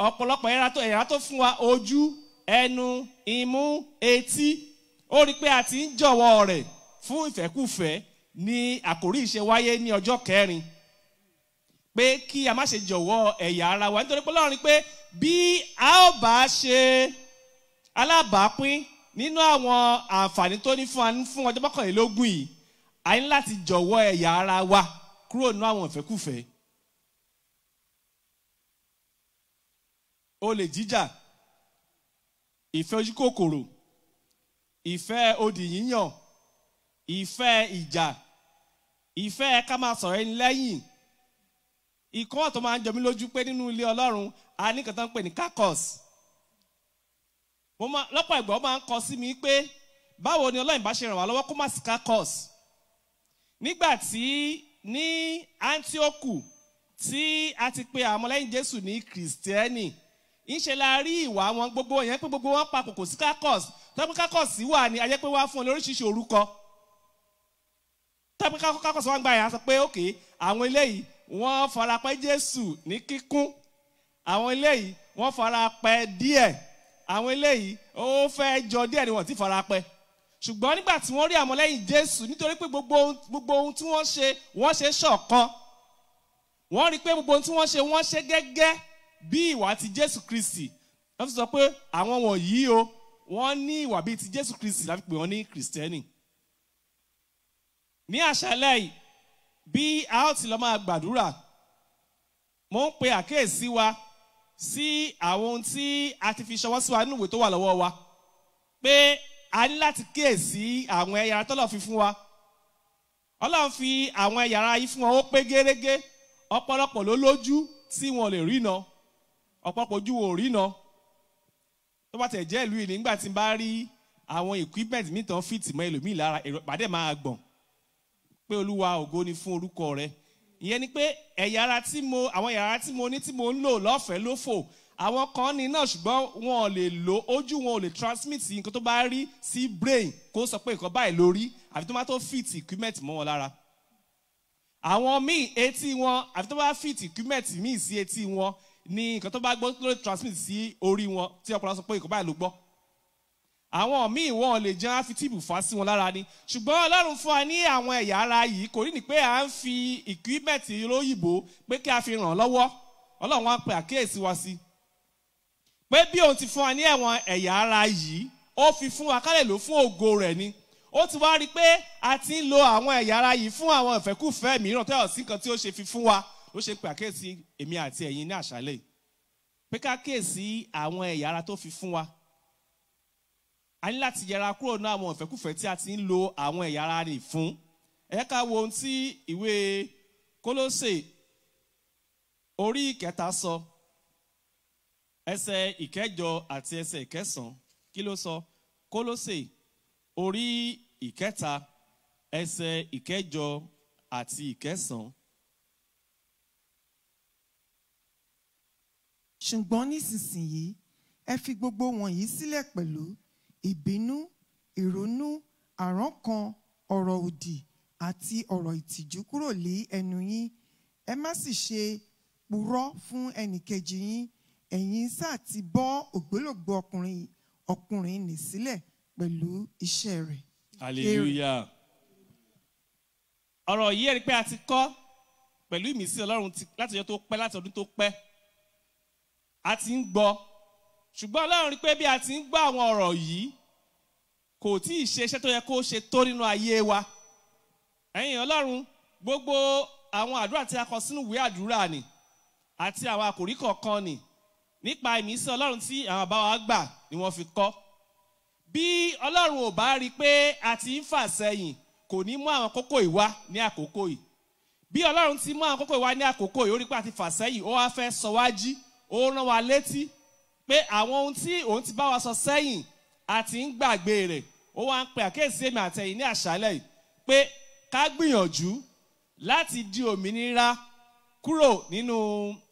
[SPEAKER 5] ọ̀pọ̀lọpọ̀ ẹ̀yà tó fún wa ojú ẹnu imú etí ó rí i pé a ti ń jọ̀wọ́ rẹ̀ fún ìfẹ́kùfẹ́ ní àkórí ìṣe wáyé ní ọjọ́ kẹrin pé kí a má ṣe jọ̀wọ́ ẹ̀yà ara wa nítorí pé Ọlọ́run pé bí a ó bá ṣe alábàápín nínú àwọn àǹfààní tó ní fún ọjọ́ mọ́kànlélógún yìí a ní láti jọ̀wọ́ ẹ̀yà ara wa kúrò nínú àwọn ìfẹ́kùfẹ́ olè jíjà ìfẹ́ ojú kòkòrò ìfẹ́ odì yíyàn ìfẹ́ ìjà ìfẹ́ ká máa sọ̀rọ̀ ẹni lẹ́yìn ìkọ́ tó máa ń jọ mí lójú pé nínú ilé ọlọ́run a ní nǹkan ń pè ní kakos mo máa lọ́pọ̀ ìgbà ó máa ń kọ sí mi pé báwo ni ọlọ́run bá ṣe ràn wá lọ́wọ́ kó má sí kakos nígbà tí ní Antioch tí a ti pe àmọ́lẹ́yìn Jésù ní kìrìsìtẹ́nì ńṣe la rí ìwà wọn gbogbo yẹn pé gbogbo wọn pa kòkò sí kákọ́s tọ́pẹ́ kákọ́s wà ní ayé pé wá fún un lóríṣiríṣi orúkọ tọ́pẹ́ kákọ́s wọn gba ẹ̀yà sọ pé òkè àwọn eléyìí wọ́n farapẹ́ Jésù ní kíkún àwọn eléyìí wọ́n farapẹ́ díẹ̀ àwọn eléyìí ó fẹ́ jọ díẹ̀ ni wọ́n ti farapẹ́ ṣùgbọ́n nígbà tí wọ́n rí àmọ́lẹ́yìn Jésù nítorí pé gbogbo ohun tí wọ́n ṣe wọ́n ṣe ṣọ̀kan wọ́n rí pé gbogbo ohun tí wọ́n ṣe wọ́n ṣe gẹ́gẹ́ bí ìwà ti jésù kristi wọ́n ti sọ pé àwọn wọ̀nyí o wọ́n ní ìwà bíi ti jésù kristi láti pè wọ́n ní kristẹni ní àṣálẹ́ yìí bí a ó ti lọ máa gbàdúrà mo ń pe àkíyèsí wa sí àwọn ohun tí a ti fi ṣọwọ́ sí wa nínú ìwé tó wà lọ́wọ́ wa pé a ní láti kíyèsí àwọn ẹ̀yà ara tọ́lọ̀ fi fún wa ọlọ́run fi àwọn ẹ̀yà ara yìí fún wa ó pé gérégé ọ̀pọ̀lọpọ̀ ló lójú tí wọn lè rí náà ọ̀pọ̀pọ̀ ojú wo rí náà tó bá tẹ̀ jẹ́ ìlú yìí nígbà tí n bá rí àwọn equipment mi tán fìtì mọ́ ẹlòmíì lára èrò pàdé máa gbọ̀n pé olúwa ògo ni fún orúkọ rẹ ìyẹn ni pé ẹ̀yà ara tí mo àwọn ẹ̀yà ara tí mo ní tí mo ń lò lọ́fẹ̀ẹ́ ló fò àwọn kan ní náà ṣùgbọ́n wọn ò lè lo ojú wọn ò lè transmit nǹkan tó bá rí sí brain kó sọ pé nǹkan báyìí lórí àfi tó bá tó fit equipment mọ́ wọn lára àwọn míì etí wọn àfi tó bá fit equipment míì sí etí wọn ni nǹkan tó bá gbọ́ lórí transmit sí orí wọn tí ọpọlọ sọ pé nǹkan báyìí ló gbọ́ àwọn míì wọn lè jẹ́ àfitíìbù fà sí wọn lára ni ṣùgbọ́n ọlọ́run fún wa ní àwọn ẹ̀yà ara yìí kò rí ni pé à ń fi equipment olóyìnbó pé kí a fi ràn lọ́wọ́ ọlọ́run wa pe àkíyèsí wa sí pé bí òun ti fún wa ní ẹ̀wọ̀n ẹ̀yà ara yìí ó fi fún wa kálẹ̀ ló fún ògo rẹ̀ ni ó ti wá rí i pé a ti ń lo àwọn ẹ̀yà ara yìí fún àwọn ìfẹ́kùfẹ́ mìíràn tẹ́wọ̀ sí nǹkan tí ó wa ló ṣe pé àkíyèsí èmi àti ẹ̀yin ní àṣálẹ̀ pé ká kíyèsí àwọn ẹ̀yà ara tó fi fún wa a ní láti yẹra kúrò ní àwọn ìfẹ́kùfẹ́ tí a ti ń lo àwọn ẹ̀yà ara rìn fún ẹ ká wo ohun tí ìwé Kólósè orí ìkẹta sọ ẹsẹ̀ ìkẹjọ àti ẹsẹ̀ ìkẹsàn kí ló sọ Kólósè orí ìkẹta ẹsẹ̀ ìkẹjọ àti ìkẹsàn.
[SPEAKER 3] ṣùgbọ́n nísinsìnyí ẹ fi gbogbo wọ̀nyí sílẹ̀ pẹ̀lú ìbínú ìrònú àrankàn ọ̀rọ̀ òdì àti ọ̀rọ̀ ìtìjú kúrò lé ẹnu yín ẹ má sì ṣe purọ́ fún ẹnìkejì yín ẹ̀yin sáà ti bọ́ ògbólógbòó ọkùnrin ọkùnrin nì sílẹ̀ pẹ̀lú iṣẹ́ rẹ̀.
[SPEAKER 4] hallelujah
[SPEAKER 5] ọ̀rọ̀ yìí ẹ̀rí pé a ti kọ́ pẹ̀lú ìmísí ọlọ́run láti ọjọ́ tó pẹ́ láti ọdún tó pẹ́ a ti ń gbọ́ ṣùgbọ́n ọlọ́run rí pé bí a ti ń gbọ́ àwọn ọ̀rọ̀ yìí kò tí ì ṣe iṣẹ́ tó yẹ kó ṣe tó nínú ayé wa ẹ̀yin ọlọ́run gbogbo àwọn àdúrà tí a kọ sínú ìwé àdúrà ni àti àwọn àkòrí kọ̀ọ̀kan ni nípa ìmísí ọlọ́run tí àwọn bàbá wa gbà ni wọ́n fi kọ́ bí ọlọ́run ò bá rí i pé a ti ń fà sẹ́yìn kò ní mú àwọn kókó ìwá ní àkókò yìí bí ọlọ́run ti mú àwọn kókó ìwá ní àkókò yìí ó rí pé a ti fà sẹ́yìn ó wá fẹ́ sọ wá jí ó rán wa létí pé àwọn ohun tí òun ti bá wa sọ sẹ́yìn àti ń gbàgbé rẹ̀ ó wá ń pè àkéèsí èmi àtẹ̀yìn ní àṣálẹ̀ yìí pé ká gbìyànjú láti di òmìnira kúrò nínú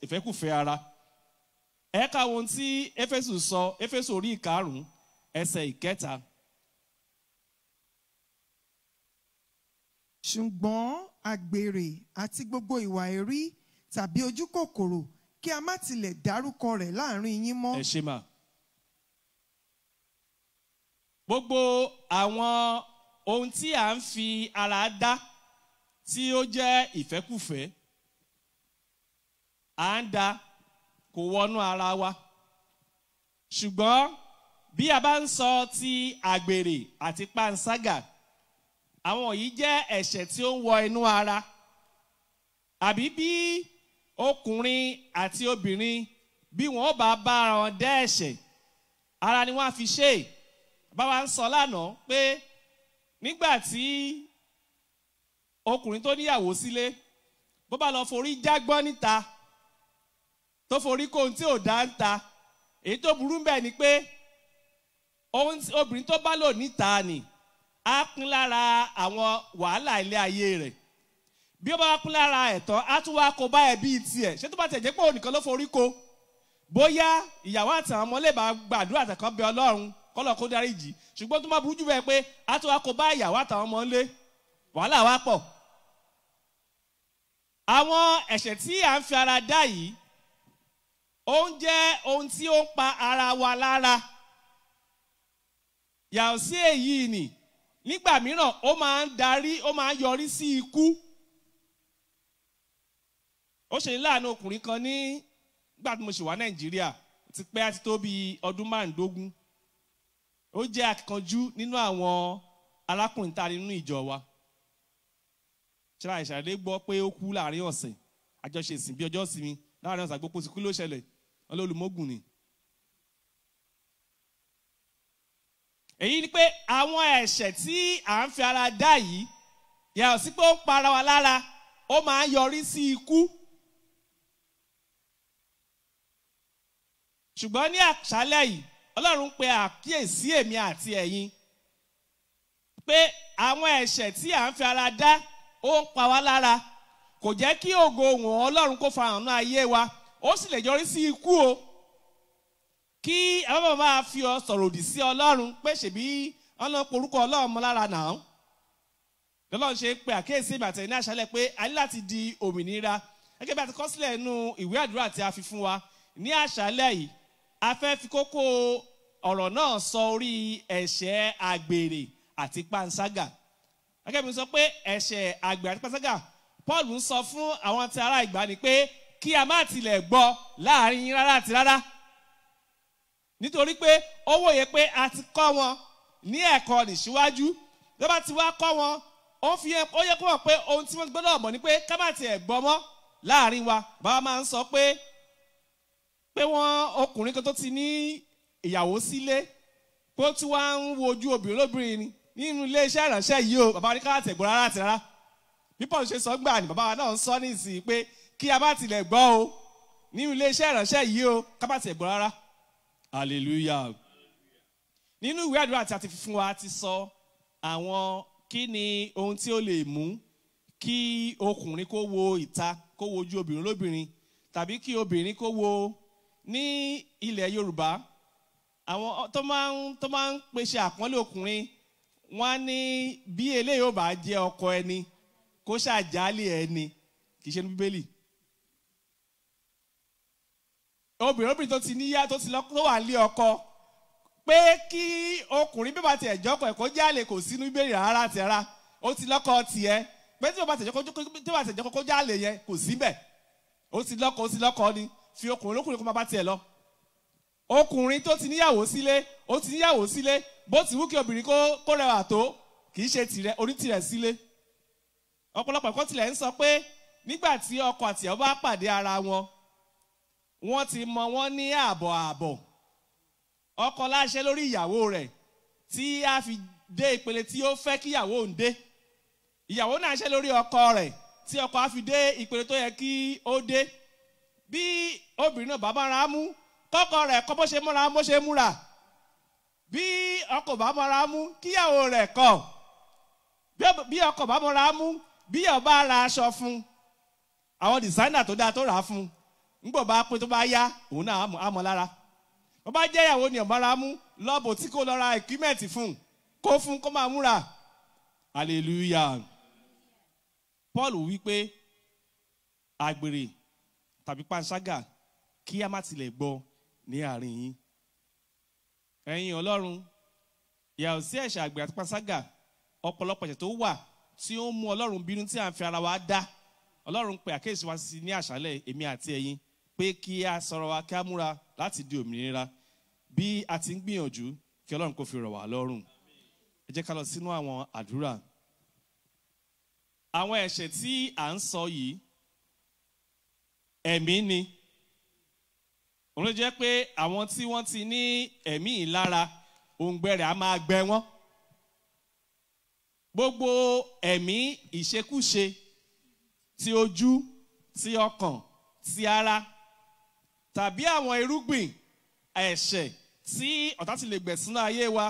[SPEAKER 5] ìfẹ́kùfẹ́ ara ẹ ka ohun tí éfésù sọ éfésù orí ìkarùn-ún ẹsẹ̀ ìkẹta.
[SPEAKER 3] ṣùgbọ́n àgbèrè àti gbogbo ìwà èrí tàbí ojú kòkòrò kí a
[SPEAKER 5] má tilẹ̀ dárúkọ rẹ̀ láàrin yín mọ́. ẹ ṣe mà. gbogbo àwọn ohun tí a ń fi ara dá tí ó jẹ́ ìfẹ́kùfẹ́ à ń da kò wọnú ara wa ṣùgbọ́n bí a bá ń sọ ti àgbèrè àti panṣágà àwọn yìí jẹ́ ẹ̀ṣẹ̀ tí ó ń wọ inú ara àbí bí ọkùnrin àti obìnrin bí wọn bá bá ara wọn dá ẹ̀ṣẹ̀ ara ni wọn á fi ṣe é bàbá ń sọ lánàá pé nígbà tí ọkùnrin tó níyàwó sílé bó bá lọ forí jágbọ́n níta tó forí kóhun tí ò dá ń ta èyí tó burú ń bẹ ni pé obìnrin tó bá lò níta ni á pín lára àwọn wàhálà ilé ayé rẹ̀ bí ó bá wá kú lára ẹ̀tọ́ á tún wá kó bá ẹbí tiẹ̀ ṣé tó bá tẹ̀ jẹ́ pé òun nìkan ló forí ko bóyá ìyàwó àtàwọn ọmọ lè bá gbàdúrà tẹ̀kọ́ bẹ ọlọ́run kọ́lọ̀ kó dárí jì ṣùgbọ́n tó má burú jù bẹ́ẹ̀ pé á tún wá kó bá ìyàwó àtàwọn ọmọ ńlé wàhálà wá pọ̀ àwọn ẹ̀ṣẹ̀ tí à ń fi ara dá yìí ó ń jẹ́ ohun tí ó ń pa ara wa lára yàtọ̀ sí èyí ni nígbà mìíràn ó máa ń darí ó máa ń yọrí sí ikú ó ṣe ní láàánú ọkùnrin kan ní gbà tí mo ṣì wá nàìjíríà ti pẹ́ àti tó bíi ọdún márùndínlógún ó jẹ́ akíkanjú nínú àwọn alákùnrin tá a nínú ìjọ wa ṣẹlá ìṣàlẹ̀ gbọ́ pé ó kú láàrin ọ̀sẹ̀ àjọṣe ìsìn bí ọjọ́ ìsinmi láàrin ọ̀sẹ̀ àgbókòsí kú ló ṣẹlẹ̀ ọlọ́lùmọ́gùn ni. èyí ni pé àwọn ẹ̀ṣẹ̀ tí à ń fi ara dá yìí yàtọ̀ sí pé ó ń para wa lára ó máa ń yọrí sí ikú. ṣùgbọ́n ní àṣálẹ́ yìí ọlọ́run pe àkíyèsí èmi àti ẹ̀yin pé àwọn ẹ̀ṣẹ̀ tí à ń fi ara dá ó ń pa wá lára kò jẹ́ kí ògo wọn ọlọ́run kó fa ayé wa ó sì lè yọrí sí ikú o kí àbábọ̀ máa fi ọ sọ̀rọ̀ òdì sí ọlọ́run pé ṣèbí ọlọ́run orúkọ ọlọ́run mọ́ lára náà lọ́lọ́run ṣe ń pe àkíyèsí èmi àti ẹ̀yin ní pé a ní láti di òmìnira gẹ́gẹ́ bí a ti kọ sílẹ̀ nínú ìwé àdúrà tí a fi fún wa ní àṣálẹ́ yìí a fẹ́ fi kókó ọ̀rọ̀ náà sọ orí ẹ̀ṣẹ̀ àgbèrè àti panṣágà akẹ́bí sọ pé ẹ̀ṣẹ̀ àgbèrè àti panṣágà Paul ń sọ fún àwọn ti ará ìgbàanì pé kí a má tilẹ̀ gbọ́ láàrin yín rárá àti rárá nítorí pé ó wòye pé a ti kọ́ wọn ní ẹ̀kọ́ níṣíwájú tó bá ti wá kọ́ wọn ó fi ó yẹ kó wọn pé ohun tí wọ́n gbọ́dọ̀ mọ̀ ni pé ká má tiẹ̀ gbọ́ mọ́ láàrin wa bàbá máa ń sọ pé pé wọ́n ọkùnrin kan tó ti ní ìyàwó sílé pé ó tún wá ń wo ojú obìnrin lóbìnrin ni nínú iléeṣẹ́ ìránṣẹ́ yìí o bàbá wa ní ká tẹ̀ gbọ́ rárá àti rárá bí Paul ṣe sọ gbà ní bàbá wa náà ń sọ ní ìsìn pé kí a bá tilẹ̀ gbọ́ o nínú iléeṣẹ́ ìránṣẹ́ yìí o ká bá tẹ̀ gbọ́ rárá hallelujah nínú ìwé àdúrà tí a ti fi fún wa ti sọ àwọn kí ni ohun tí ó lè mú kí ọkùnrin kó wo ìta kó wo obìnrin lóbìnrin tàbí kí obìnrin kó wo ní ilẹ̀ Yorùbá àwọn tó máa ń tó máa ń pèsè àpọ́nlé ọkùnrin wọ́n á ní bí eléyìí ò bá jẹ́ ọkọ ẹni kó ṣàjálè ẹni kì í ṣe ní Bíbélì obìnrin obìnrin tó ti níyá tó ti lọ tó wà nílé ọkọ pé kí ọkùnrin bí bá tiẹ̀ jọ́kọ̀ ẹ̀ jálè kò sínú Bíbélì rárá ti rárá ó ti lọ́kọ tiẹ̀ pé tí bá tiẹ̀ jọ́kọ̀ jálè yẹn kò síbẹ̀ ó ti lọ́kọ ó ti lọ́kọ ni fi ọkùnrin lókùnrin kó máa bá tiẹ̀ lọ ọkùnrin tó ti níyàwó sílé ó ti níyàwó sílé bó ti wú kí obìnrin kó rẹwà tó kì í ṣe tirẹ̀ orí tirẹ̀ sílé ọ̀pọ̀lọpọ̀ ẹ̀kọ́ tilẹ̀ ń sọ pé nígbà tí ọkọ àtìyàwó bá pàdé ara wọn wọ́n ti mọ wọ́n ní ààbọ̀ ààbọ̀ ọkọ láṣẹ lórí ìyàwó rẹ̀ tí a fi dé ìpele tí ó fẹ́ kí ìyàwó ń dé ìyàwó náà ṣe lórí ọkọ rẹ̀ tí ọkọ á fi dé ìpele tó yẹ kí ó dé. bí obìnrin náà bá mára mú kọ́kọ́ rẹ̀ kọ́ bó ṣe múra bó ṣe múra bí ọkọ bá mára mú kíyàwó rẹ̀ kọ́ bí ọkọ bá mára mú bí ọba ra aṣọ fún àwọn dìsáínà tó dáa tó rà á fún ńgbọ̀ bá pé tó bá yá òun náà á mọ̀ lára bàbá jẹ́ ìyàwó ni ọ̀bára mú lọ́bù tí kò lọ ra ìkímẹ̀tì fún kó fún kó máa múra hallelujah Paul wí pé àgbèrè tàbí panṣágà kí a má tilẹ̀ gbọ́ ní àárín yín. ẹ̀yin ọlọ́run yàrá sí ẹ̀ṣẹ̀ àgbẹ̀ àti panṣágà ọ̀pọ̀lọpọ̀ ẹ̀ṣẹ̀ tó wà tí ó ń mú ọlọ́run bínú tí à ń fi ara wa dá ọlọ́run pe àkéèsí wa sí ní àṣálẹ̀ èmi àti ẹ̀yin pé kí a sọ̀rọ̀ wa kí a múra láti di òmìnira bí a ti ń gbìyànjú kí ọlọ́run kò fi rọ̀ wá lọ́rùn ẹ jẹ́ ká lọ sínú àwọn àdúrà àwọn ẹ̀ṣẹ̀ tí à ń sọ yìí ẹ̀mí ni òun ló jẹ́ pé àwọn tí wọ́n ti ní ẹ̀mí ìlara òǹgbẹ rẹ̀ á máa gbẹ wọ́n gbogbo ẹ̀mí ìṣekúṣe ti ojú ti ọkàn ti ara tàbí àwọn irúgbìn ẹ̀ṣẹ̀ tí ọ̀tá ti lè gbẹ̀ sínú ayé wa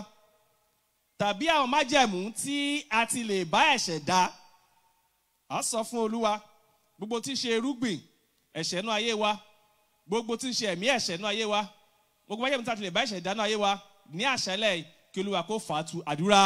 [SPEAKER 5] tàbí àwọn májẹ̀mú tí a ti lè bá ẹ̀ṣẹ̀ dá a sọ fún Olúwa gbogbo tí ṣe irúgbìn ẹ̀ṣẹ̀ inú ayé wa gbogbo tí ń ṣe ẹ̀mí ẹ̀ṣẹ̀ inú ayé wa gbogbo májèmí tí a ti lè bá ẹ̀ṣẹ̀ dánú ayé wa ní àṣálẹ́ kí olúwa kó fàá tu àdúrà.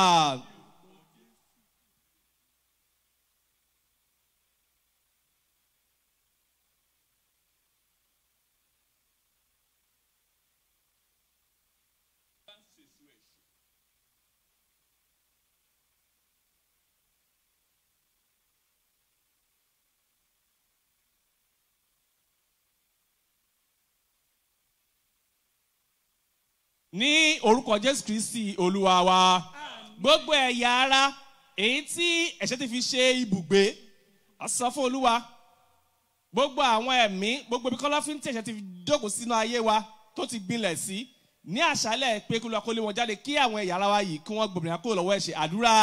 [SPEAKER 5] ní orúkọ jésù kristi olúwa wa gbogbo ẹ̀yà ara èyí tí ẹ̀ṣẹ̀ ti fi ṣe ibùgbé ọ̀sán fún olúwa gbogbo àwọn ẹ̀mí gbogbo ibi kọ́lọ́fín tí ẹ̀ṣẹ̀ ti jókòó sínú ayé wa tó ti gbilẹ̀ sí ní àṣálẹ̀ pé kí olúwa kó lé wọn jáde kí àwọn ẹ̀yà ara wa yìí kí wọ́n gbòmìnira kúrò lọ́wọ́ ẹ̀ṣẹ̀ àdúrà.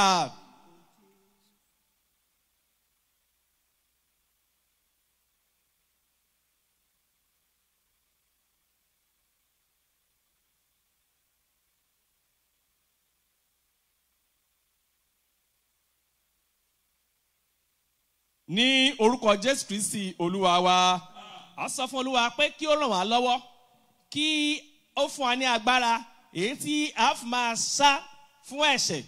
[SPEAKER 5] ní orúkọ jésù kristi olúwa wa a sọ fún olúwa pé kí ó ràn wá lọ́wọ́ kí ó fún wa ní agbára èyí tí a fi máa sá fún ẹ̀ṣẹ̀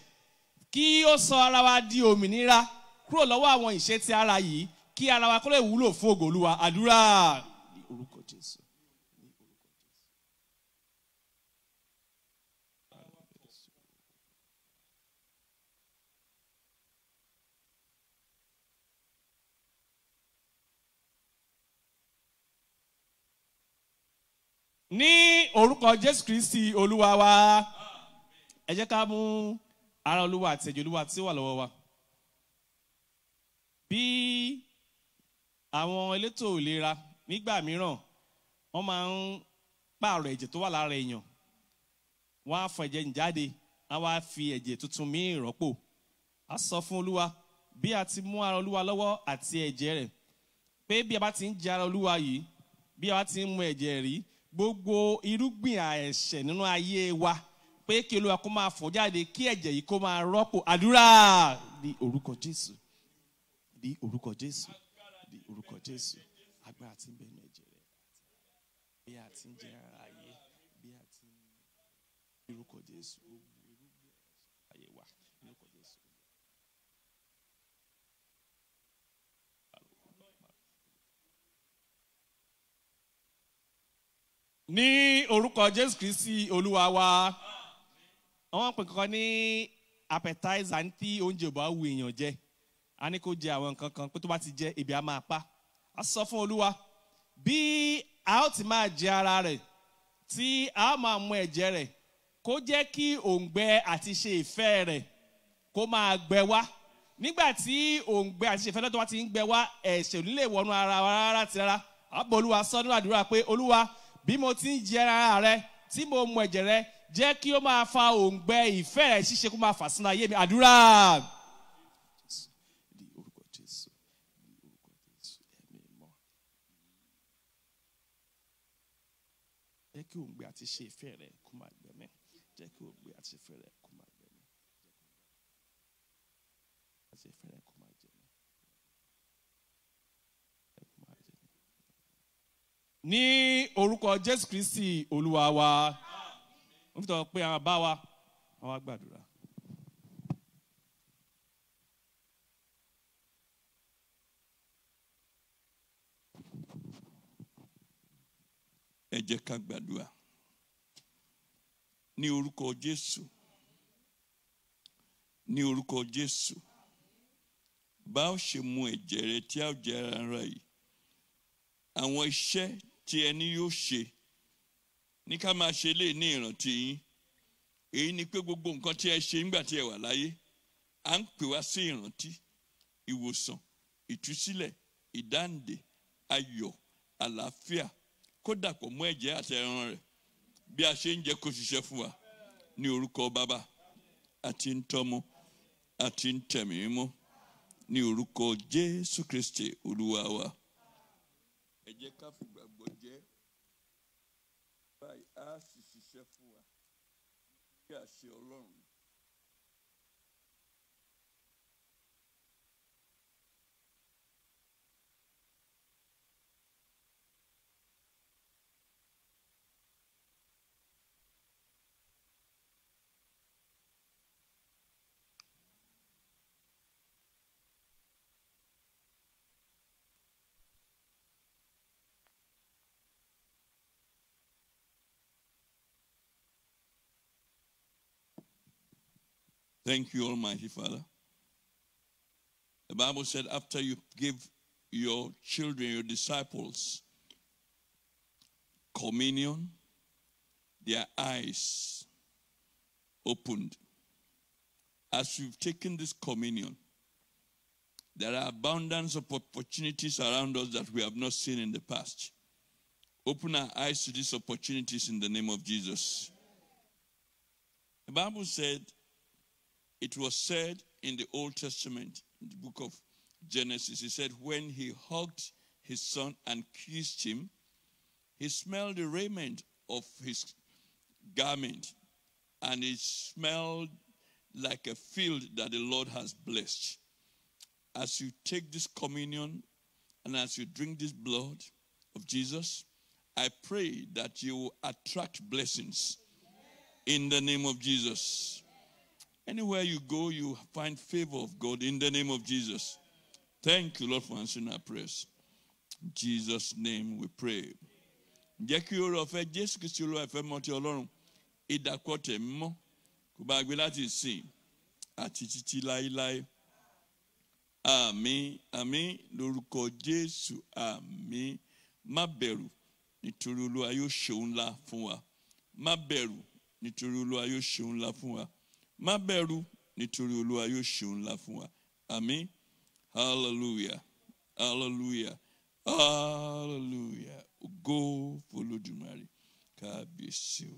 [SPEAKER 5] kí ó sọ ara wa di òmìnira kúrò lọ́wọ́ àwọn ìṣe ti ara yìí kí ara wa kó lè wúlò fún ògo àdúrà ní orúkọ jésù. ní orúkọ jésù kristi olúwa wa ẹ jẹ́ ká mú ara olúwa àti ẹ̀jẹ̀ olúwa tí ó wà lọ́wọ́ wa bí àwọn elétò ìlera nígbà mìíràn wọ́n máa ń pààrọ̀ ẹ̀jẹ̀ tó wà lára èèyàn wọ́n á fọ ẹ̀jẹ̀ jáde á wá fi ẹ̀jẹ̀ tuntun míì rọ́pò á sọ fún olúwa bí a ti mú ara olúwa lọ́wọ́ àti ẹ̀jẹ̀ rẹ̀ pé bí a bá ti ń jẹ ara olúwa yìí bí a bá ti ń mu ẹ̀jẹ̀ rìí gbogbo irúgbìn ẹ̀ṣẹ̀ nínú ayé wa pé kí olúwa kó máa fọ̀ jáde kí ẹ̀jẹ̀ yìí kó máa rọ́pò àdúrà ní orúkọ jésù ní orúkọ jésù ní orúkọ jésù agbára tí ń bẹ ẹ̀jẹ̀ rẹ̀ bí a ti ń jẹ ara ayé bí a ti ń orúkọ jésù ní orúkọ jésù kristi olúwa wa àwọn pè kankan ní appetizer ní tí oúnjẹ ò bá wù èèyàn jẹ a ní kó jẹ àwọn nǹkan kan pé tó bá ti jẹ ebi á máa pa a sọ fún olúwa bí a ó ti máa jẹ ara rẹ̀ tí a ó máa mu ẹ̀jẹ̀ rẹ̀ kó jẹ́ kí òǹgbẹ àti ṣe ìfẹ́ rẹ̀ kó máa gbẹ wá nígbà tí òǹgbẹ àti ṣe ìfẹ́ lọ́tọ̀ wá ti ń gbẹ wá ẹ̀ṣẹ̀ ò lè wọnú ara wa rárá ti rárá àbọ̀ olúwa sọ nínú àdúrà pé olúwa bí mo ti ń jẹ ara rẹ tí mo mu ẹ̀jẹ̀ rẹ jẹ́ kí ó máa fa òǹgbẹ ìfẹ́ rẹ ṣíṣe kó máa fà sínú ayé mi àdúrà. jẹ́ kí òǹgbẹ àti ṣe ìfẹ́ rẹ kó máa gbẹ mí kí òǹgbẹ àti ṣe rẹ kó máa gbẹ ní orúkọ jésù kristi olúwa wa wọ́n fi tọ́ pé àwọn bá wa wọ́n wá
[SPEAKER 4] gbàdúrà. ẹ jẹ́ ká gbàdúrà ní orúkọ jésù ní orúkọ jésù bá ṣe mu ẹ̀jẹ̀ rẹ tí a ó ara yìí àwọn iṣẹ́ tí ẹni yóò ṣe ní ká máa ṣe lè ní ìrántí yín èyí ni pé gbogbo nǹkan tí ẹ ṣe nígbà tí ẹ wà láyé à ń pè wá sí ìrántí ìwòsàn ìtúsílẹ̀ ìdáǹdè ayọ̀ àlàáfíà kódà kò mú ẹ̀jẹ̀ àti ẹran rẹ̀ bí a ṣe ń jẹ́ kó ṣiṣẹ́ fún wa ní orúkọ bàbá àti ń tọ́mọ àti ń tẹ̀mí mọ́ ní orúkọ Jésù Kristi olúwa wa jẹ́ ká fìgbàgbọ́ jẹ́ báyìí á sì ṣiṣẹ́ fún wa ní àṣẹ ọlọ́run. Thank you, Almighty Father. The Bible said, after you give your children, your disciples, communion, their eyes opened. As you've taken this communion, there are abundance of opportunities around us that we have not seen in the past. Open our eyes to these opportunities in the name of Jesus. The Bible said, it was said in the Old Testament, in the book of Genesis, he said, when he hugged his son and kissed him, he smelled the raiment of his garment, and it smelled like a field that the Lord has blessed. As you take this communion and as you drink this blood of Jesus, I pray that you attract blessings in the name of Jesus. Anywhere you go, you find favor of God in the name of Jesus. Thank you, Lord, for answering our prayers. In Jesus' name we pray. lórúkọ Jésù má bẹ̀rù nítorí olúwa yóò ṣeun ńlá fún wa àmín hallelujah hallelujah hallelujah follow f'Olódùmarè kábíyèsí o.